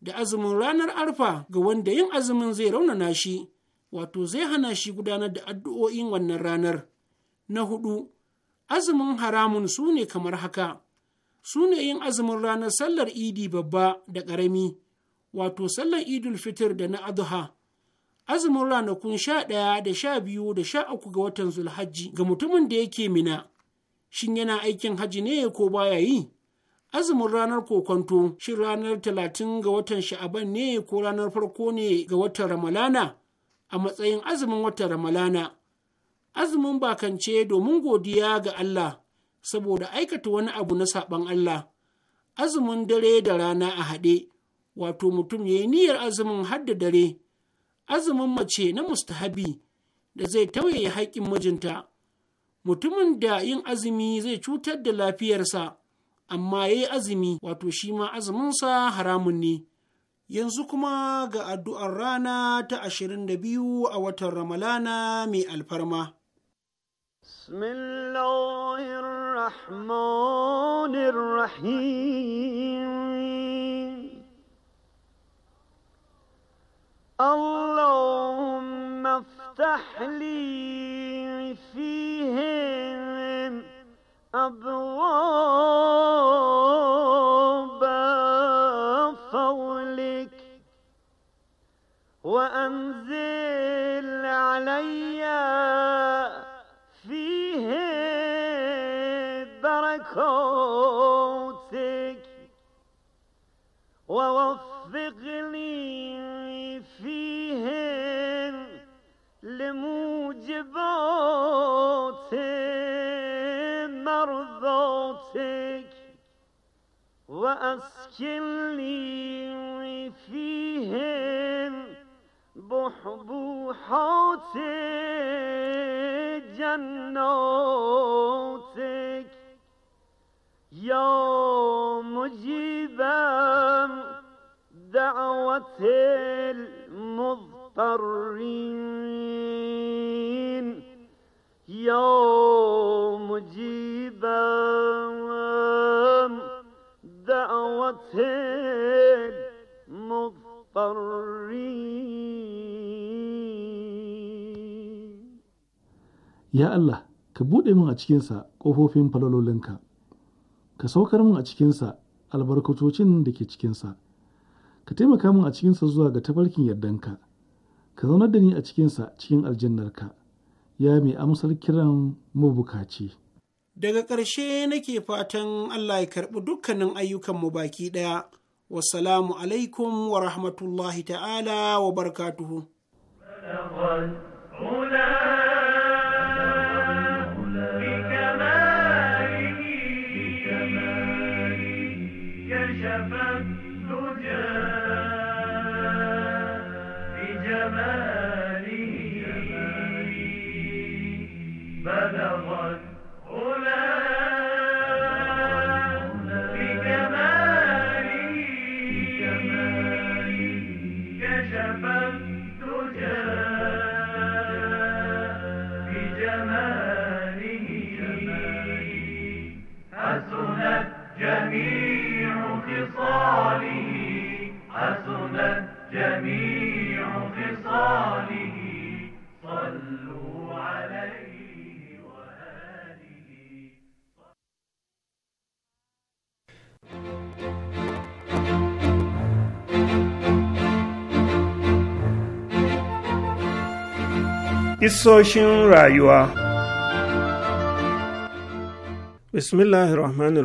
Speaker 5: da azumin ranar arfa ga wanda yin azumin zai raunana shi wato zai hana shi gudanar da addu'o'in wannan ranar na hudu azumin haramun su ne kamar haka su ne yin azumin ranar sallar idi babba da ƙarami wato sallar idul fitir da na adha azumin ranakun sha ɗaya da sha biyu da sha uku ga watan zulhajji ga mutumin da yake mina shin yana aikin hajji ne ko baya yi azumin ranar kokonto shin ranar talatin ga watan sha'aban ne ko ranar farko ne ga watan ramalana a matsayin azumin watan ramalana azumin bakance domin godiya ga Allah saboda aikata wani abu na saɓan Allah, azumin dare da rana a haɗe, wato mutum ya yi niyyar azumin hadda dare, azumin mace na mustahabi da zai tauye haƙƙin mijinta. Mutumin da yin azumi zai cutar da lafiyarsa, amma ya yi azumi wato shi ma azuminsa haramun ne. Yanzu kuma ga addu'ar rana ta ashirin da biyu a watan Ramalana mai alfarma. بسم الله
Speaker 9: الرحمن الرحيم اللهم افتح لي فيهم أبواب اللي فيهن بحبوحات جناتك يا مجيبا دعوة المضطرين يا Ya
Speaker 10: يا الله ka buɗe min a cikinsa ƙofofin falalolinka ka saukar min a cikinsa albarkatocin da ke cikinsa ka taimaka min a cikinsa zuwa ga tafarkin yardanka ka zaunar da ni a cikinsa cikin aljannarka ya mai amsar kiran mabukaci.
Speaker 5: daga ƙarshe nake fatan allah ya karɓi dukkanin ayyukanmu baki ɗaya wasalamu alaikum wa rahmatullahi ta'ala wa barakatuhu
Speaker 8: Isoshin rayuwa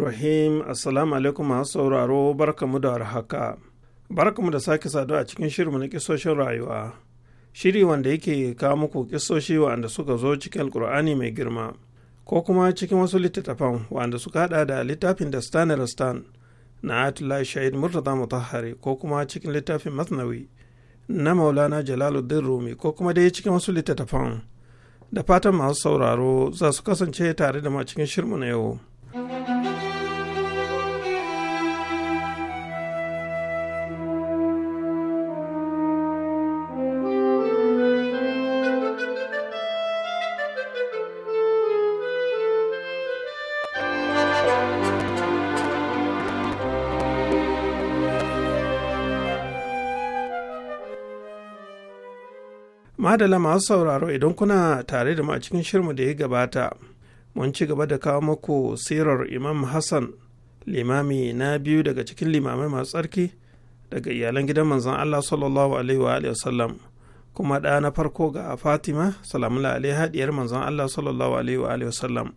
Speaker 8: rahim, Assalamu alaikum masu sauraro barkamu da warhaka. Barkamu da sake saduwa a cikin shirin na kisoshin rayuwa. Shiri wanda yake kawo muku kisoshi wanda suka zo cikin Alkur'ani mai girma, ko kuma cikin wasu littattafan wanda suka haɗa da littafin da Stan na Atula Shahid Murtaza Mutahari ko kuma cikin littafin Masnawi na maulana jalaluddin rumi ko kuma dai cikin wasu littattafan da fatan masu sauraro za su kasance tare da ma cikin shirmu na yau madala masu sauraro idan kuna tare da mu a cikin shirmu da ya gabata mun ci gaba da kawo muku sirar imam hassan limami na biyu daga cikin limamai masu tsarki daga iyalan gidan manzon allah sallallahu alaihi wa sallam kuma ɗa na farko ga fatima salamu alaihi haɗiyar manzon allah sallallahu alaihi wa sallam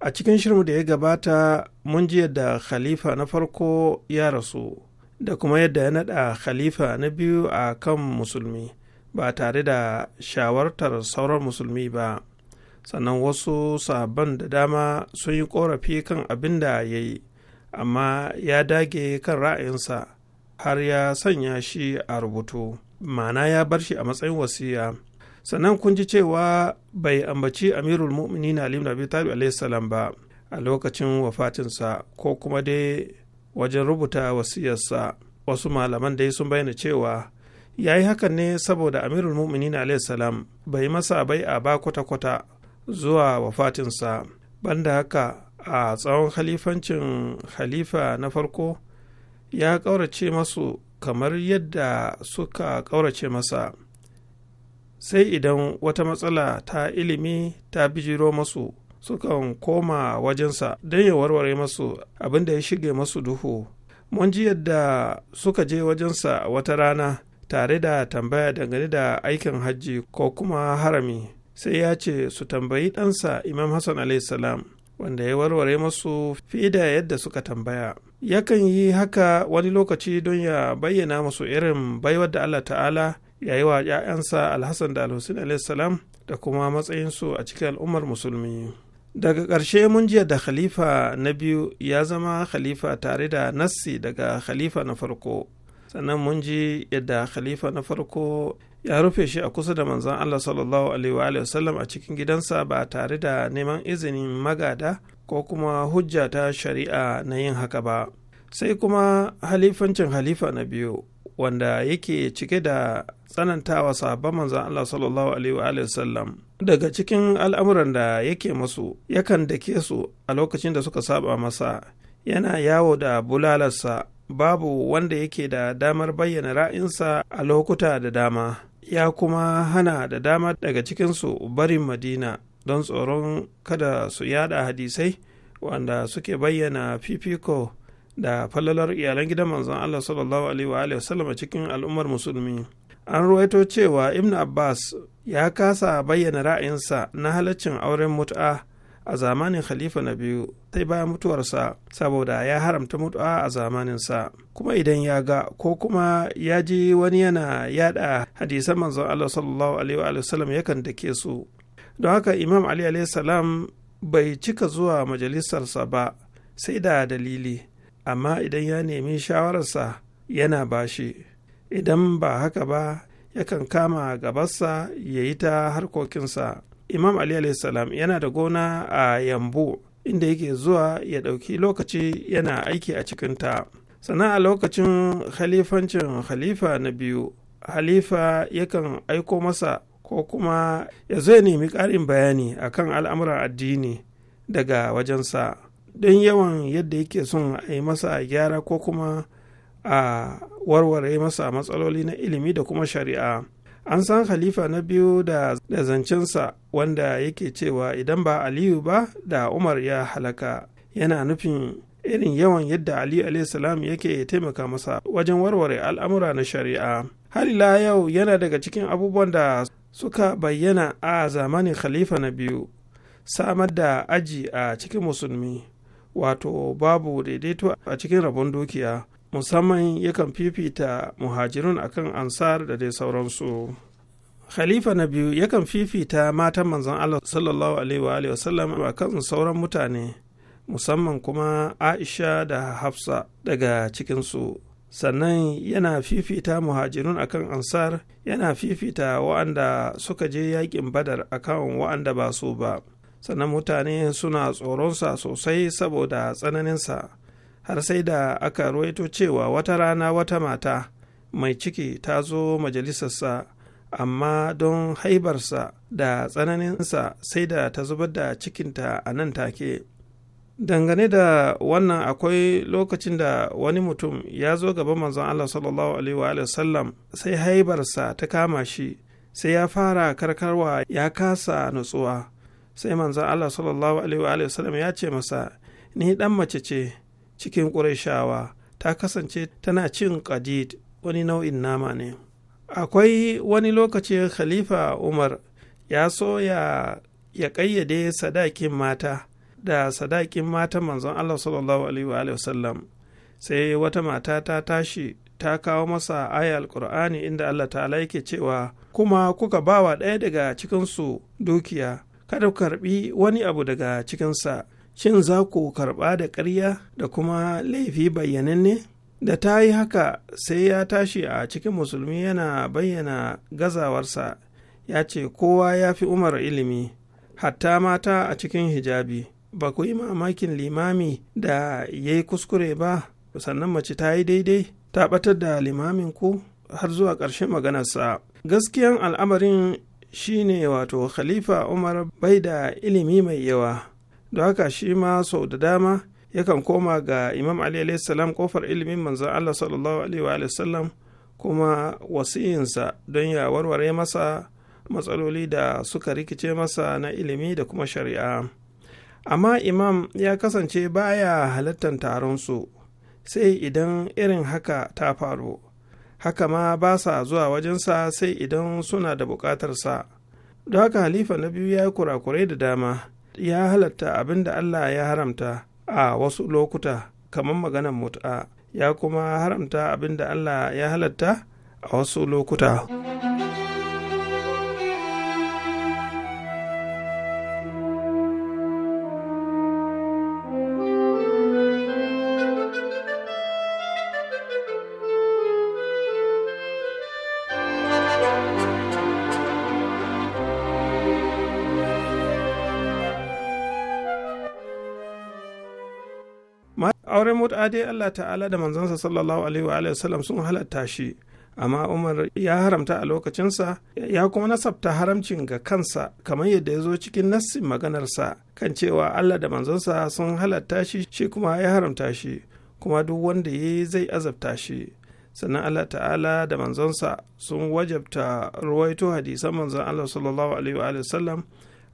Speaker 8: a cikin shirmu da ya gabata mun ji yadda khalifa na farko ya rasu da kuma yadda ya naɗa khalifa na biyu a kan musulmi ba tare da shawartar sauran musulmi ba sannan wasu sabon da dama sun yi korafi kan abin da ya yi amma ya dage kan ra'ayinsa har ya sanya shi a rubutu ma'ana ya bar shi a matsayin wasiya sannan kun ji cewa bai ambaci amirul mu'mini na alim abi talib ba a lokacin wafatinsa ko kuma dai wajen rubuta wasiyarsa wasu malaman dai sun bayyana cewa ya yi hakan ne saboda amirul mu'minin salam bai masa bai a ba kwata-kwata zuwa wafatinsa banda haka a tsawon halifancin Khalifa na farko ya ƙaurace masu kamar yadda suka ƙaurace masa sai idan wata matsala ta ilimi ta bijiro masu sukan koma wajensa don ya warware masu abinda ya shige masu duhu mun ji yadda suka je wajensa wata rana tare da tambaya dangane da aikin hajji ko kuma harami sai ya ce su tambayi ɗansa imam hassan salam wanda ya warware masu fiye da yadda suka tambaya yakan yi haka wani lokaci don ya bayyana masu irin baiwar da allah ta'ala ya yi wa 'ya'yansa alhassan da alhussein salam da kuma matsayinsu a cikin al'ummar musulmi daga ƙarshe mun jiya da khalifa na biyu ya zama khalifa tare da nassi daga khalifa na farko sannan mun ji yadda khalifa na farko ya rufe shi a kusa da manzan Allah sallallahu alaihi wasallam a cikin gidansa ba tare da neman izinin magada ko kuma hujja ta shari'a na yin haka ba sai kuma halifancin halifa na biyu wanda yake cike da tsanantawa sabon manzan Allah sallallahu alaihi wasallam daga cikin al'amuran da yake musu yakan dake su a lokacin da suka saba masa yana yawo da bulalarsa babu wanda yake da damar bayyana ra'insa a lokuta da dama ya kuma hana da dama daga cikinsu barin madina don tsoron kada su yada hadisai wanda suke bayyana fifiko da falalar iyalan gidan manzon Allah sallallahu alaihi wa sallam cikin al'ummar musulmi an ruwaito cewa ibn abbas ya kasa bayyana ra'ayinsa na halaccin auren mut'a a zamanin khalifa na biyu sai bayan mutuwarsa saboda ya haramta mutuwa a zamaninsa kuma idan ya ga ko kuma ya ji wani yana yada hadisan manzon Allah sallallahu alaihi wa sallam yakan dake su don haka imam ali alaihi salam bai cika zuwa majalisarsa ba sai da dalili amma idan ya nemi shawararsa yana bashi idan ba haka ba yakan kama gabarsa ya yi ta harkokinsa imam ali salam yana da gona a yambu inda yake zuwa ya ɗauki lokaci yana aiki a cikinta sannan a lokacin khalifancin khalifa na biyu halifa yakan aiko masa ko kuma ya zo ya nemi ƙarin bayani a kan al'amuran addini daga wajensa don yawan yadda yake son a yi masa gyara ko kuma a warware masa matsaloli na ilimi da kuma shari'a an san Khalifa na biyu da zancensa wanda yake cewa idan ba aliyu ba da umar ya halaka yana nufin irin yawan yadda aliyu salam yake taimaka masa wajen warware al'amura na shari'a har la yau yana daga cikin abubuwan da suka bayyana a zamanin khalifa na biyu samar da aji a cikin musulmi wato babu daidaito a cikin rabon dukiya musamman yakan fifita muhajirun akan ansar da dai sauransu khalifa na biyu yakan fifita matan manzon allah sallallahu alaihi wa sallam a kan sauran mutane musamman kuma aisha da hafsa daga cikinsu sannan yana fifita muhajirun akan ansar yana fifita wa'anda suka je yakin badar akan wa'anda ba su ba sannan mutane suna tsoronsa sosai saboda tsananinsa har sai da aka ruwaito cewa wata rana wata mata mai ciki ta zo majalisarsa amma don haibarsa da tsananinsa sai da ta zubar da cikinta a nan take dangane da wannan akwai lokacin da wani mutum ya zo gaba manzon Allah sallallahu alaihi wa sallam sai haibarsa ta kama shi sai ya fara karkarwa ya kasa nutsuwa sai manzon Allah sallallahu alaihi wa sallam ya ce masa ni dan mace ce cikin ƙurashawa ta kasance tana cin ƙadid wani nau'in nama ne akwai wani lokacin khalifa umar ya so ya ƙayyade sadakin mata da sadakin mata manzon allah sallallahu alaihi wasallam sai wata mata ta tashi ta kawo masa aya alkur'ani inda allah ta'ala yake cewa kuma kuka bawa ɗaya daga cikinsu dukiya kada ku karbi wani abu daga cikinsa shin za ku karɓa da ƙarya da kuma laifi bayyananne da ta yi haka sai ya tashi a cikin musulmi yana bayyana gazawarsa ya ce kowa ya fi umar ilimi hatta mata a cikin hijabi ba ku yi mamakin limami da ya yi kuskure ba sannan mace ta yi daidai ta ɓatar da limamin ku har zuwa ƙarshen maganarsa gaskiyan al'amarin shine wato khalifa umar bai da ilimi mai yawa don haka shi ma sau da dama yakan koma ga imam ali salam kofar ilimin manzan allah sallallahu alaihi kuma wasiyinsa don ya warware masa matsaloli da suka rikice masa na ilimi da kuma shari'a amma imam ya kasance baya halartar taron su sai idan irin haka ta faru haka ma ba sa zuwa wajensa sai idan suna da bukatarsa don haka halifa na biyu ya yi kurakurai da dama ya halatta abin da Allah ya haramta a wasu lokuta kamar maganar mut'a ya kuma haramta abin da Allah ya halatta a wasu lokuta. mut'a dai Allah ta'ala da manzansa sallallahu alaihi wa sallam sun halatta shi amma Umar ya haramta a lokacinsa ya kuma nasabta haramcin ga kansa kamar yadda ya zo cikin nassin maganarsa kan cewa Allah da manzansa sun halatta shi shi kuma ya haramta shi kuma duk wanda ya yi zai azabta shi sannan Allah ta'ala da manzansa sun wajabta ruwaito hadisan manzan Allah sallallahu alaihi wa sallam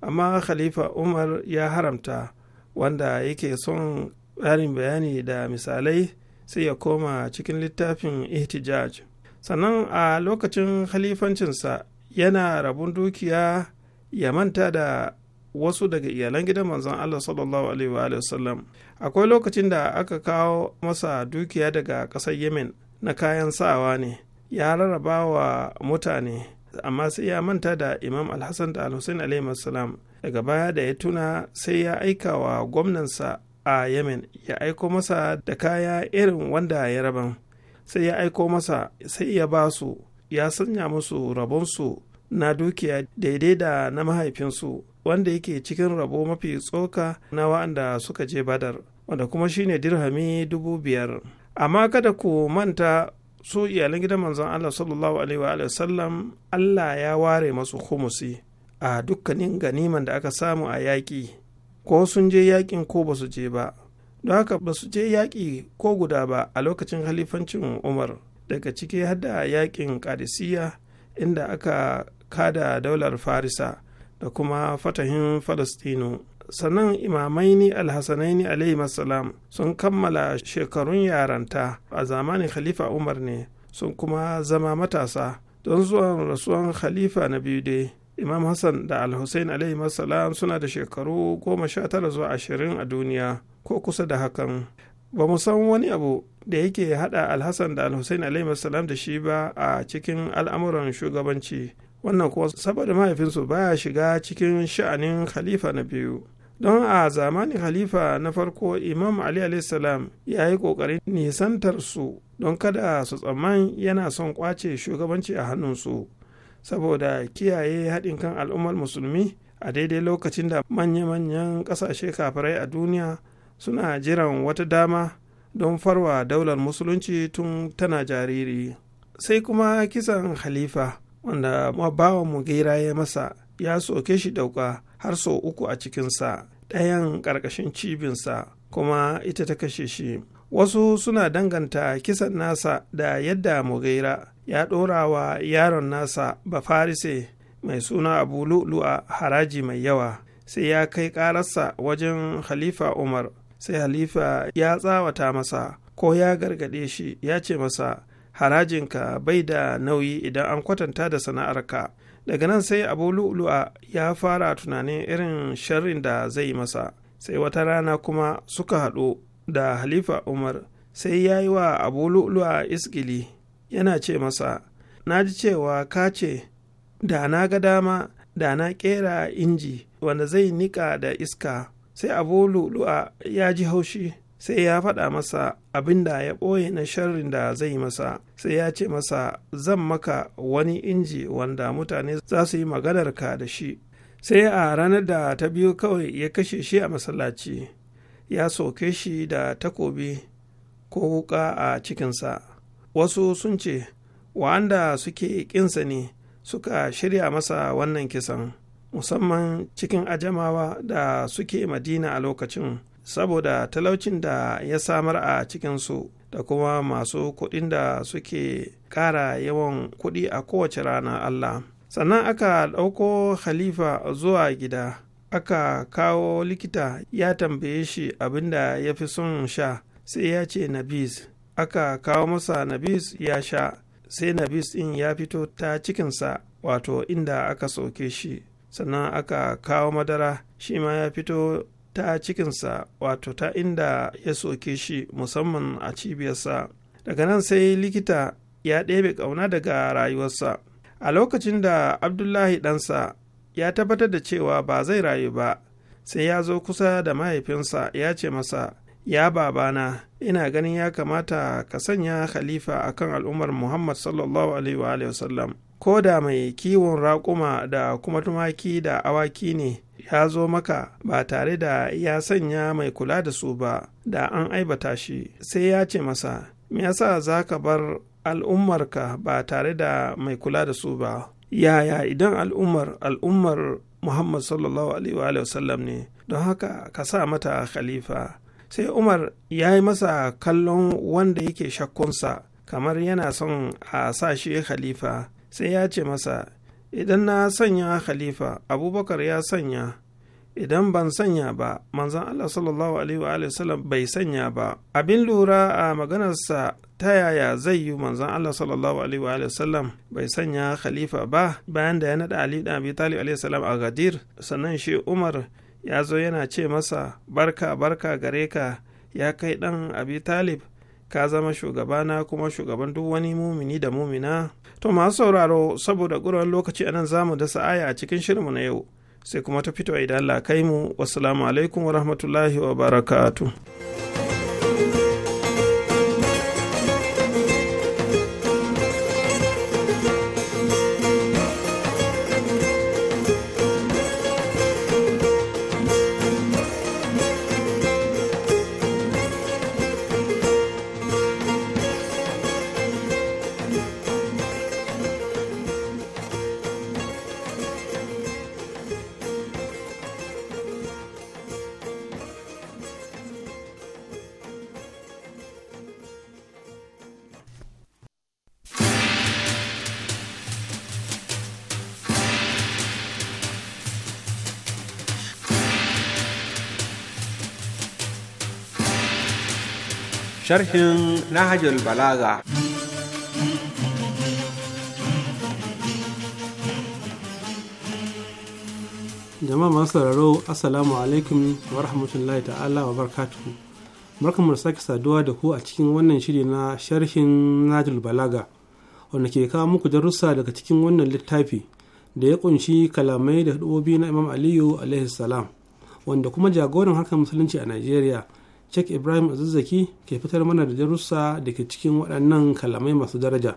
Speaker 8: amma khalifa Umar ya haramta wanda yake son ƙarin bayani da misalai sai ya koma cikin littafin ihtijaj sannan a lokacin halifancinsa yana rabun dukiya ya manta da wasu daga iyalan gidan manzon Allah sallallahu alaihi wa akwai lokacin da aka kawo masa dukiya daga ƙasar Yemen na kayan sawa ne ya rarraba wa mutane amma sai ya manta da Imam Alhassan da Al-Hussein alaihi daga baya da ya tuna sai ya aika wa gwamnansa a yemen ya aiko masa da kaya irin wanda ya raban sai ya aiko masa sai ya ba su ya sanya musu rabonsu na dukiya daidai da na mahaifinsu wanda yake cikin rabo mafi tsoka na wanda suka je badar wanda kuma shine dirhami dubu biyar amma kada ku manta su iyalin gidan manzon Allah sallallahu alaihi wa sallam Allah ya ware masu humusi a dukkanin ganiman da aka samu a yaƙi ko sun je yakin ko ba su je ba don haka ba su je yaƙi ko guda ba a lokacin halifancin umar daga ciki har da yakin kadisiya inda aka kada daular farisa da kuma fatahin falastinu sannan imamaini alhassanaini alaihi salam sun kammala shekarun yaranta a zamanin khalifa umar ne sun kuma zama matasa don zuwan rasuwan khalifa na biyu dai imam hassan da al-hussein alaihi suna da shekaru goma sha tara zuwa ashirin a duniya ko kusa da hakan ba mu san wani abu da yake hada al-hassan da al-hussein alaihi da shi ba a cikin al'amuran shugabanci wannan kuwa saboda mahaifinsu baya shiga cikin sha'anin khalifa na biyu don a zamanin khalifa na farko imam ali salam ya yi kokarin nisantar su don kada su tsamman yana son kwace shugabanci a hannunsu saboda kiyaye haɗin kan al'ummar musulmi a daidai lokacin da manya-manyan ƙasashe kafirai a duniya suna jiran wata dama don farwa daular musulunci tun tana jariri sai kuma kisan halifa wanda mu gira ya masa ya soke shi dauka har sau uku a cikinsa ɗayan ƙarƙashin cibinsa kuma ita ta kashe shi wasu suna danganta kisan nasa da yadda mugaira ya ɗora wa yaron nasa bafarise mai suna abu a haraji mai yawa sai ya kai ƙararsa wajen halifa umar sai halifa ya tsawata masa ko ya gargaɗe shi ya ce masa harajinka bai da nauyi idan an kwatanta da sana'arka daga nan sai abu lu'lu'a ya fara tunanin irin sharrin da zai masa sai wata rana kuma suka haɗu da halifa umar sai ya yi wa abu lu'lu'a isgili yana ce masa na ji cewa ka ce da na ga dama da na ƙera inji wanda zai niƙa da iska sai abu lulu'a ya ji haushi sai ya faɗa masa abin da ya ɓoye na sharrin da zai masa sai ya ce masa zan maka wani inji wanda mutane za su yi maganarka da shi sai a ranar da ta biyu kawai ya kashe shi a masallaci ya soke shi da takobi ko wuka a cikinsa wasu sun ce wa'anda suke ƙinsa ne suka shirya masa wannan kisan musamman cikin ajamawa da suke madina a lokacin saboda talaucin da ya samar a cikinsu da kuma masu kuɗin da suke ƙara yawan kuɗi a kowace rana Allah. Sannan aka ɗauko Khalifa zuwa gida, aka kawo likita ya tambaye shi abin da ya fi son sha, sai ya ce Nabiz, aka kawo masa nabis ya sha sai nabis ɗin ya fito ta cikinsa wato inda aka soke shi sannan aka kawo madara shi ma ya fito ta cikinsa wato ta inda ya soke shi musamman a cibiyarsa daga nan sai likita ya ɗebe ƙauna daga rayuwarsa a lokacin da abdullahi ɗansa ya tabbatar da cewa ba zai rayu ba sai ya zo kusa da mahaifinsa ya ce masa ya babana ina ganin ya kamata ka sanya khalifa a kan al'ummar muhammad sallallahu alaihi wa ko da mai kiwon raƙuma da kuma tumaki da awaki ne ya zo maka ba tare da ya sanya mai kula da su ba da an aibata shi sai ya ce masa me yasa za ka bar al'ummarka ba tare da mai kula da su ba yaya idan al'ummar al'ummar muhammad sallallahu alaihi wa ne don haka ka sa mata khalifa sai umar ya yi masa kallon wanda yake shakkunsa kamar yana son a sa shi khalifa sai ya ce masa idan na sanya khalifa abubakar ya sanya idan ban sanya ba manzan allah sallallahu alaihi sallam bai sanya ba abin lura a maganarsa ta yaya zai yi manzan allah sallallahu alaihi sallam bai sanya khalifa ba bayan da ya naɗa ali da abi talib alaihi salam a gadir sannan shi umar ya zo yana ce masa barka barka gare ka ya kai ɗan abi talib ka zama shugabana kuma shugaban duk wani mumini da mumina to masu sauraro saboda ƙuran lokaci anan zamu dasa aya a cikin shirinmu na yau sai kuma ta fito idan Allah kai mu wasu alaikum wa rahmatullahi wa barakatuh
Speaker 5: sharhin Nahajul Balaga.
Speaker 10: Jama'a masu sauraro Assalamu alaikum wa rahmatullahi ta'ala wa barkatuhu. Barkanmu da sake saduwa da ku a cikin wannan shiri na sharhin Nahajul Balaga wanda ke kawo muku darussa daga cikin wannan littafi da ya kunshi kalamai da hudubobi na Imam Aliyu alaihi salam wanda kuma jagoran harkar musulunci a Najeriya. Sheikh Ibrahim Azazzaki ke fitar mana da darussa daga cikin waɗannan kalamai masu daraja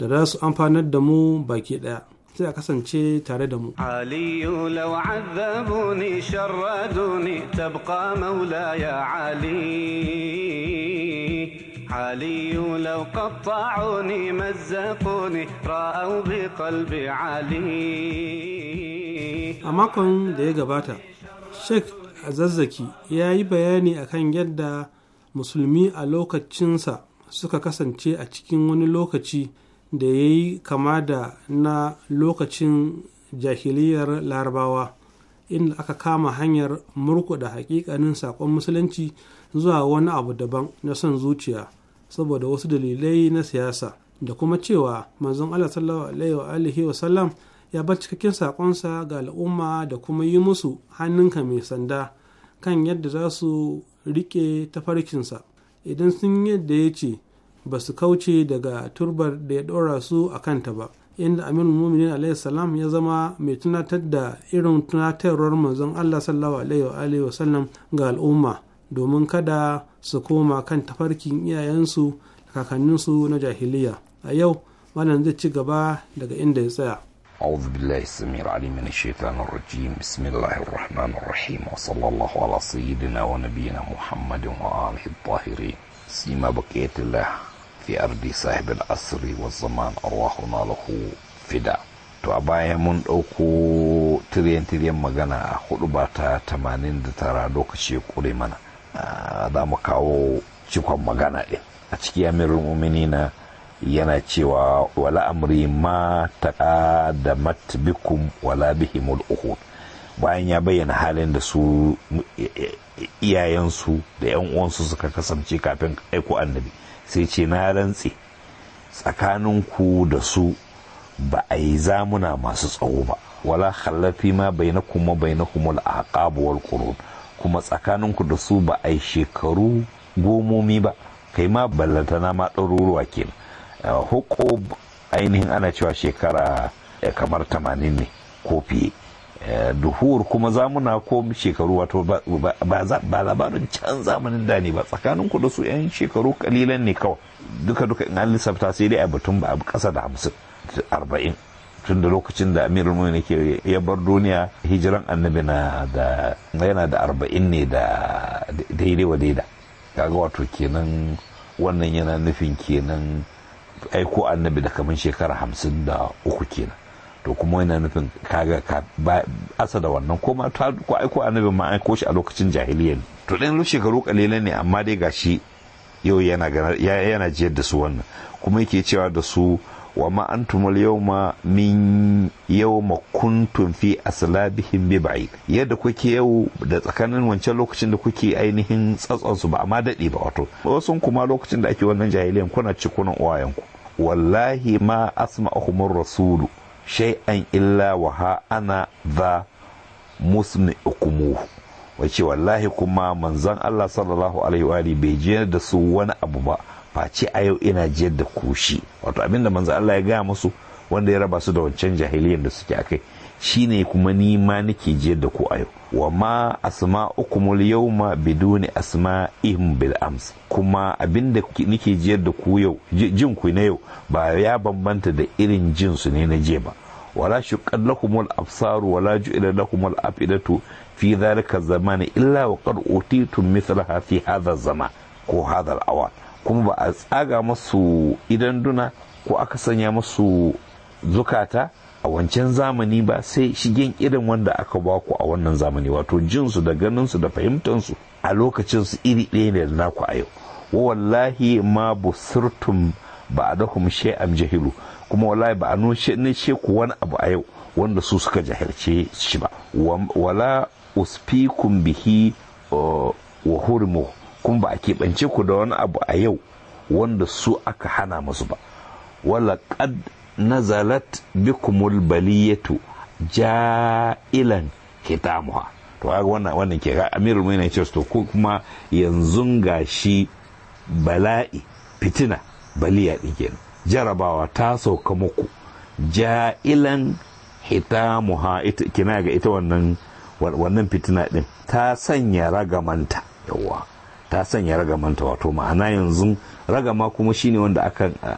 Speaker 10: da za su amfanar da mu baki ɗaya. sai a kasance tare da mu.
Speaker 4: Aliyu lau azabuni sharraduni tabqa maulaya Ali. علي لو قطعوني مزقوني رأوا بقلبي علي a
Speaker 10: makon da ya gabata sheikh a zazzaki ya yi bayani akan yadda musulmi a lokacinsa suka kasance a cikin wani lokaci da ya yi kama da na lokacin jahiliyar larabawa inda aka kama hanyar murku da hakikanin sakon musulunci zuwa wani abu daban na son zuciya saboda wasu dalilai na siyasa da kuma cewa manzon allah sallallahu alaihi wa sallam ya bar cikakken saƙonsa ga al'umma da kuma yi musu hannunka mai sanda kan yadda za su riƙe tafarkinsa idan sun yadda ya ce ba su kauce daga turbar da ya ɗora su a kanta ba inda aminu muminin salam ya zama mai tunatar da irin tunatarwar manzon allah sallallahu alaihi wa sallam ga al'umma domin kada su koma kan tafarkin iyayensu da kakanninsu na jahiliya a yau malam zai ci gaba
Speaker 11: daga inda ya tsaya أعوذ بالله السميع العليم من الشيطان الرجيم بسم الله الرحمن الرحيم وصلى الله على سيدنا ونبينا محمد وآله الطاهرين سيما بقية الله في أرض صاحب الأسر والزمان أرواحنا له فداء to a baya mun ɗauko tiriyan-tiriyan magana a hudu ba ta 89 lokaci kure mana za mu kawo cikon magana ɗin a ciki amirin umini na yana cewa wala amri ma taqa da matbikum wala bihimul uhud bayan ya bayyana halin da su iyayensu da yan uwansu suka kasance kafin aiko annabi sai ce na rantse tsakaninku da su ba a yi zamuna masu tsawo ba wala khallafi ma bainakum wa al aqab wal qurun kuma tsakaninku da su ba a yi shekaru gomomi ba kai ma ballantana ma ɗaruruwa kenan Eh, hukub ainihin ana cewa shekara eh, kamar tamanin ne ko fiye eh, duhur kuma zamuna ko shekaru wato ba labarin can zamanin da ne ba tsakanin ku da su 'yan shekaru kalilan ne kawai duka duka in an lissafta sai dai a batun ba a kasa da hamsin arba'in tun da lokacin da amirul mumin ke ya bar duniya hijiran annabi na da yana da arba'in ne da daidai wa daida kaga wato kenan wannan yana nufin kenan aiko annabi da kamar shekara hamsin da uku kenan to kuma yana nufin kaga ka asa da wannan ko ma ta ko aiko annabi ma aiko shi a lokacin jahiliya ne to dan shekaru kalila ne amma dai gashi yau yana yana jiyar da su wannan kuma yake cewa da su wa ma antumul yawma min yawma kuntum fi aslabihim bi ba'id yadda kuke yau da tsakanin wancan lokacin da kuke ainihin tsatson su ba amma daɗe ba wato wasu kuma lokacin da ake wannan jahiliyan kuna cikunan uwayen ku wallahi ma asma'uhumur rasulu shay'an illa wa ha ana musni musmi'ukumuhu wace wallahi kuma manzon Allah sallallahu alaihi wa bai je da su wani abu ba face a yau ina jiyar da kushi wato abinda manzo Allah ya gaya musu wanda ya raba su da wancan jahiliyar da suke akai shine kuma ni ma nake jiyar da ku a yau wa ma asma'ukumul yawma biduni asma'ihim bil ams kuma abinda nake jiyar da ku yau jin ku na yau ba ya bambanta da irin jin su ne na je ba wala shuqqat lakumul afsaru wala ju'ila lakumul afidatu fi dhalika zamani illa wa qad utitum mithlaha fi hadha zaman ko hadha awa kuma ba a tsaga masu idan duna ko aka sanya masu zukata a wancan zamani ba sai shigen irin wanda aka ba ku a wannan zamani wato jinsu da ganinsu da fahimtansu a lokacinsu iri ɗaya ne da naku a yau wa wallahi ma busirtum ba a dakum am jahilu kuma wallahi ba a nushe ku wani abu a yau wanda su suka jahilce shi ba wala usfikun bihi uh, wa hurmu kun ba a keɓance ku da wani abu a yau wanda su aka hana masu ba wala qad nazalat bikumul baliyatu ja'ilan hitamuha to kaga wannan ke ga amirul mu'minin ce to ko kuma yanzu gashi bala'i fitina baliya din kenan jarabawa ta sauka muku ja'ilan hitamuha ita kina ga ita wannan fitina din ta sanya ragamanta yawa ta sanya ragamanta wato ma'ana yanzu ragama kuma shine wanda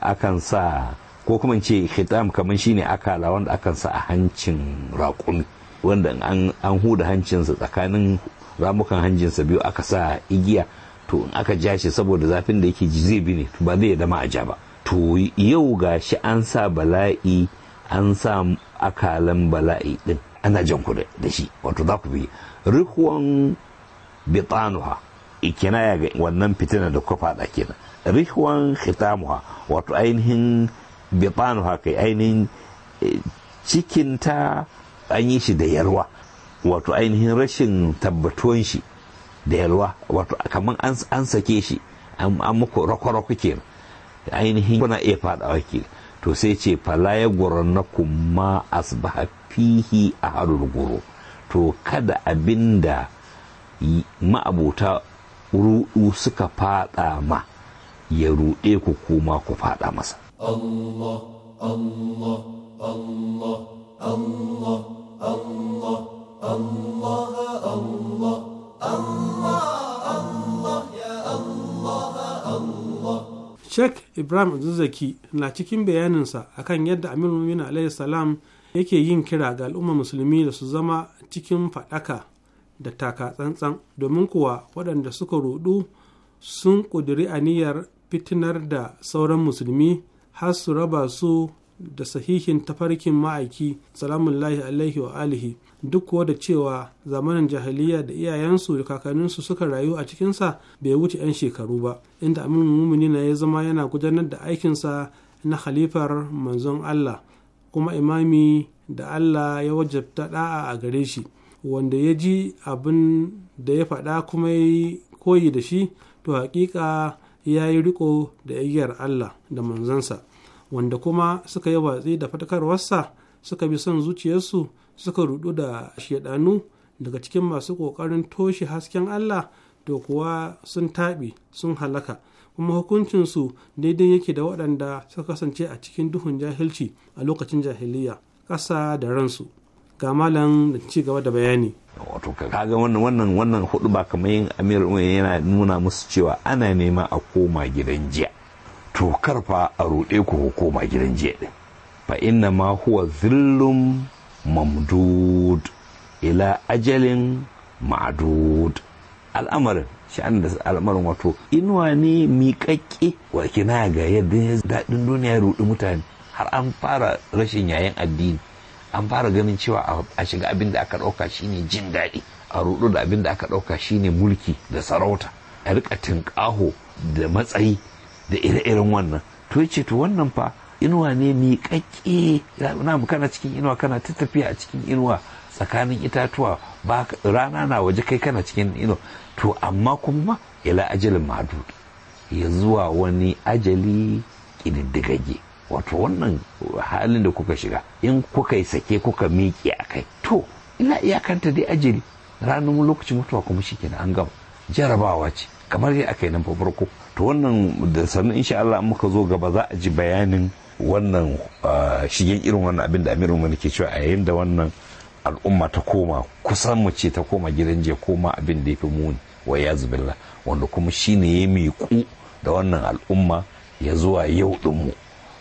Speaker 11: akan sa ko kuma ce hitam kamar shine akala wanda akan sa a hancin raƙumi wanda an huda hancinsa tsakanin ramukan hancinsa biyu aka sa igiya to in aka ja shi saboda zafin da yake ji zai bi ne ba zai dama a ja ba to yau ga shi an sa bala'i an sa akalan bala'i din ana jan ku da shi wato za ku bi rikuwan bitanuwa. ikina ya ga wannan fitina da kuka fada kenan rihwan khitamuha wato ainihin bitanu haka ainihin eh, cikinta an yi shi da 'yarwa wato ainihin rashin tabbatuwan shi da yalwa wato kamar an sake shi an muku rako kuke kenan ainihin kuna iya fadawa kenan to sai ce fala ya gurannakum ma asbaha fihi ahadul guru to kada abinda ma'abuta ruɗu suka faɗa ma ya ruɗe ku kuma ku faɗa masa
Speaker 10: Shek Ibrahim Zuzaki na cikin bayaninsa akan yadda aminu Mumin alaihi salam yake yin kira ga al'ummar musulmi da su zama cikin faɗaka da taka tsantsan domin kuwa waɗanda suka rudu sun ƙudiri aniyar fitinar da sauran musulmi har su raba su da sahihin tafarkin ma'aiki salamullahi alaihi wa alihi duk kuwa da cewa zamanin jahiliya da iyayensu da kakanninsu suka rayu a cikinsa bai wuce 'yan shekaru ba inda amin mumuni na ya zama yana gudanar da aikinsa na khalifar manzon allah kuma imami da allah ya wajabta da'a a gare shi wanda ya ji abin da ya faɗa kuma ya yi koyi da shi to hakika ya yi riko da igiyar Allah da manzansa wanda kuma suka yi watsi da fatakarwarsa suka bi son zuciyarsu suka rudu da shaidanu daga cikin masu ƙoƙarin toshe hasken Allah to kuwa sun taɓi, sun halaka kuma hukuncinsu daidai yake da waɗanda suka kasance a cikin duhun jahilci a lokacin jahiliya ƙasa da ransu
Speaker 11: ga malam da ci gaba da bayani wato kaga wannan wannan wannan hudu ba kamar yin amir yana nuna musu cewa ana nema a koma gidan jiya to karfa a rude ku koma gidan jiya din fa inna ma huwa zillum mamdud ila ajalin ma'dud al'amarin sha'an da al'amarin wato inuwa ne miƙaƙƙe wa kina ga yadda daɗin duniya ya ruɗi mutane har an fara rashin yayin addini an fara ganin cewa a shiga abin da aka ɗauka shine jin daɗi a rudu da abin da aka ɗauka shine mulki da sarauta a rika tinƙaho da matsayi da ire-iren wannan to ya ce to wannan fa inuwa ne miƙaƙƙi na kana cikin inuwa kana ta tafiya a cikin inuwa tsakanin itatuwa ba rana na waje kai kana cikin inuwa to amma kuma ila ajalin madud ya zuwa wani ajali ƙididdigagge wato wannan halin da kuka shiga in kuka yi sake kuka miƙe a kai
Speaker 5: to ina iyakanta
Speaker 11: dai ajiri ranar lokacin mutuwa kuma shi kenan an gama jarabawa ce kamar yadda aka yi nan farko to wannan da sannan insha Allah muka zo gaba za a ji bayanin wannan shigen irin wannan abin da amirin wani ke cewa a yayin da wannan al'umma ta koma kusan mu ce ta koma gidan jiya koma abin da ya fi muni wa ya zubilla wanda kuma shine ya miƙu da wannan al'umma ya zuwa yau ɗinmu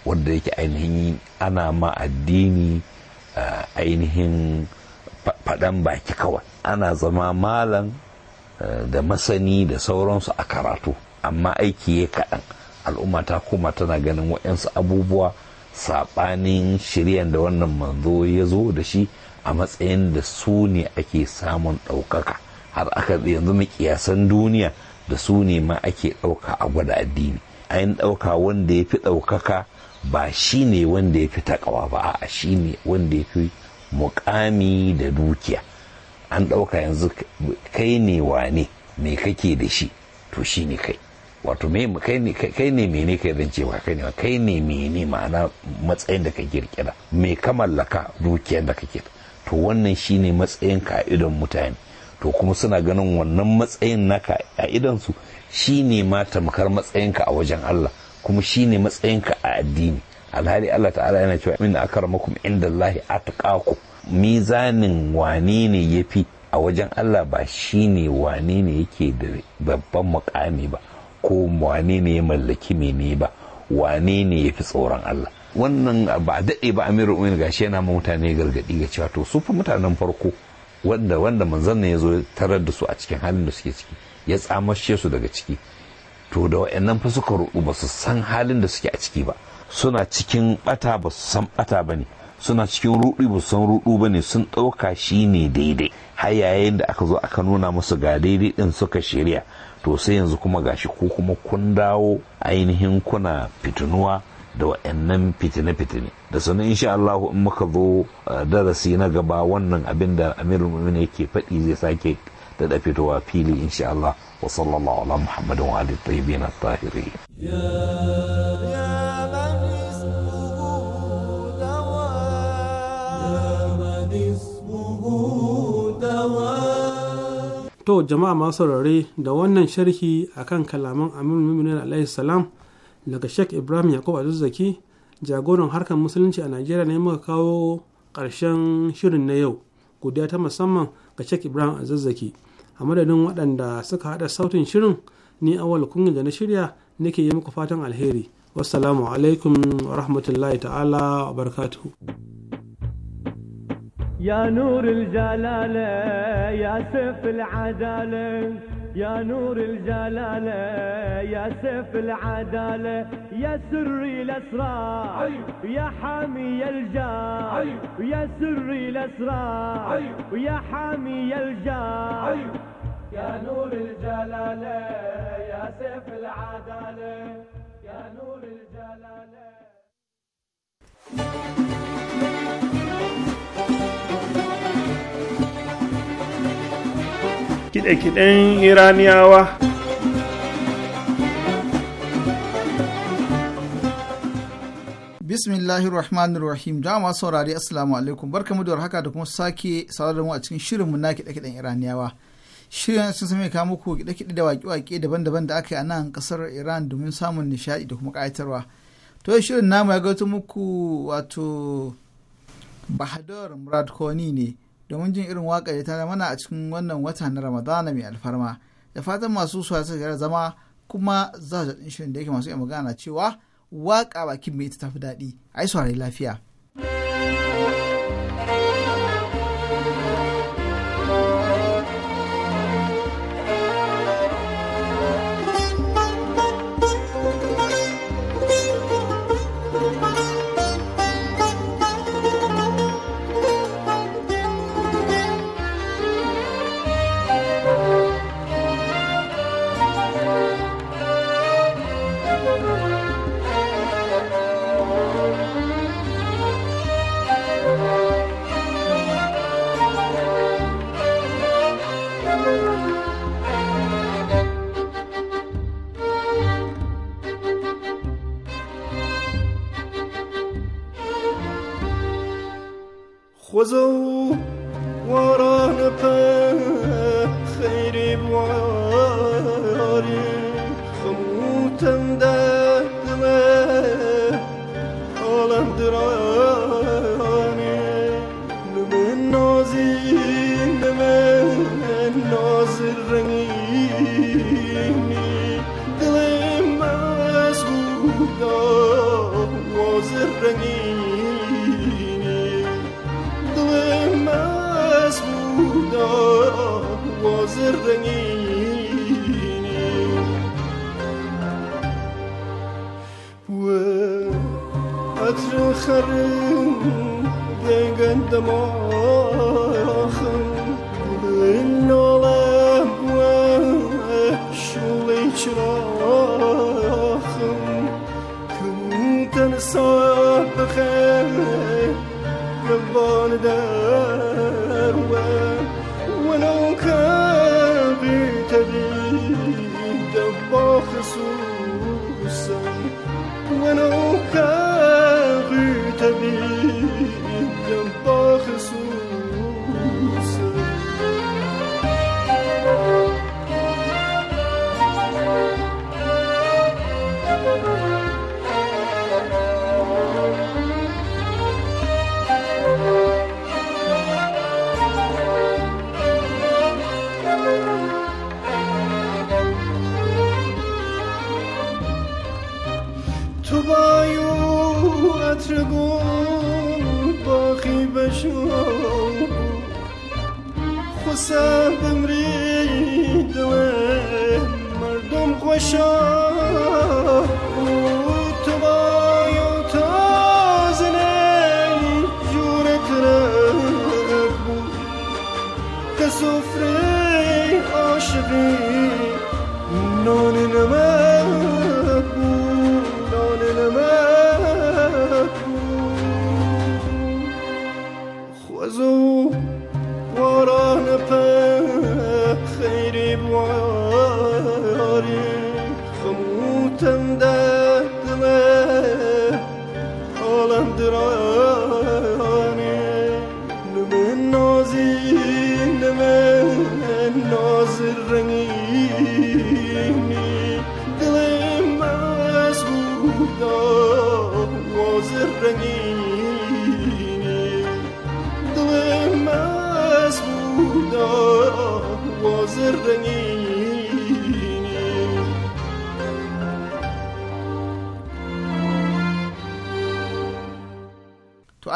Speaker 11: wanda yake ainihin ana ma addini ainihin faɗan baki kawai ana zama malam da masani da sauransu a karatu amma aiki ya kaɗan al'umma ta kuma tana ganin waɗansu abubuwa saɓanin shiryan da wannan manzo ya zo da shi a matsayin da su ne ake samun ɗaukaka har aka yanzu makiyasan duniya da su ne ma ake ɗauka a gwada addini ayin ɗauka wanda ya fi ɗaukaka ba shi ne wanda ya fi takawa ba a shi ne wanda ya fi mukami da dukiya an ɗauka yanzu kai ne wane me kake da shi to shi ne kai wato kai ne mene kai zan cewa kai ne kai ne mene ma'ana matsayin da ka kirkira me ka mallaka dukiyar da kake to wannan shi ne matsayin ka a idon mutane to kuma suna ganin wannan matsayin na ka a idonsu shi ne ma tamkar matsayin ka a wajen Allah kuma shine matsayinka a addini alhali Allah ta'ala yana cewa inna akramakum indallahi atqakum mizanin wane ne yafi a wajen Allah ba shine wane ne yake da babban mukami ba ko wane ne ya mallaki mene ba wane ne ya fi tsoron Allah wannan ba daɗe ba amirul umar gashi yana ma mutane gargaɗi ga cewa to su fa mutanen farko wanda wanda manzon ne ya zo tarar da su a cikin halin da suke ciki ya tsamashe su daga ciki to da wa'annan fa suka ruɗu ba su san halin da suke a ciki ba suna cikin bata ba su san bata ba ne suna cikin ruɗu ba su san ruɗu ba ne sun ɗauka shi ne daidai har yayin da aka zo aka nuna musu ga daidai ɗin suka shirya to sai yanzu kuma gashi ko kuma kun dawo ainihin kuna fitinuwa da wa'annan fitine-fitine da sannan insha Allah in muka zo uh, darasi na gaba wannan abin da Amirul Mu'minin yake faɗi zai sake da fitowa fili insha Allah وصلى الله على محمد وعلى الطيبين الطاهرين
Speaker 10: To jama'a masu saurare da wannan sharhi akan kalaman Aminu Miminin alaihi salam daga Sheikh Ibrahim Yakubu Azizzaki jagoran harkar musulunci a Najeriya ne muka kawo ƙarshen shirin na yau. Godiya ta musamman ga Sheikh Ibrahim Azizzaki. a madadin waɗanda suka haɗa sautin shirin ni awal kungin da na shirya nake yi muku fatan alheri wassalamu alaikum wa rahmatullahi ta'ala
Speaker 9: wa barakatuhu يا نور الجلالة يا سيف العدالة يا سري الأسرار أيوه. يا حامي الجار أيوه. يا سري الأسرار أيوه. يا حامي الجار يا نور الجلالة يا سيف العدالة
Speaker 1: يا نور الجلالة
Speaker 8: kide-kiden iraniyawa
Speaker 2: bismillahir rahmanir rahim jama'a saurari assalamu alaikum barkamu da warhaka da kuma sake saurari mu a cikin mu na kiɗe kiden iraniyawa shirin sun sami kawo muku kiɗe-kiɗe da waƙe-waƙe daban-daban da aka yi a nan kasar iran domin samun nishaɗi da kuma ƙayatarwa to shirin namu ya gauta muku wato bahadur murad koni ne domin jin irin waƙa da ta mana a cikin wannan wata na ramadana mai alfarma da fatan masu suwa suka gara zama kuma za su shirin da yake masu iya magana cewa waƙa bakin mai ta tafi daɗi ai saurari lafiya.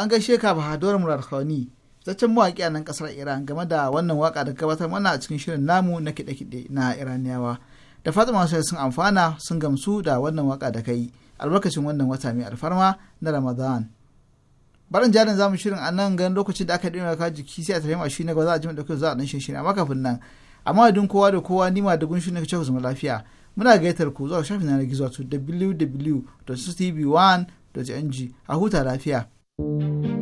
Speaker 2: an gaishe ka Bahadur Murad Khani zaccen mawaƙi a nan ƙasar Iran game da wannan waka da gabatar mana a cikin shirin namu na kiɗe-kiɗe na Iraniyawa. Da fata masu sun amfana sun gamsu da wannan waka da kai albarkacin wannan wata mai alfarma na Ramadan. Barin jarin zamu shirin a nan ganin lokacin da aka ɗina ka jiki sai a tafi mashi na gaba za a ji kai za a ɗan shirin amma kafin nan. Amma dun kowa da kowa nima da gunshi na kace ku zama lafiya. Muna gaitar ku zuwa shafin yanar gizo wato www.tv1.ng a huta lafiya. Thank you.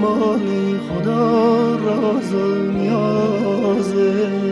Speaker 4: مال خدا راز و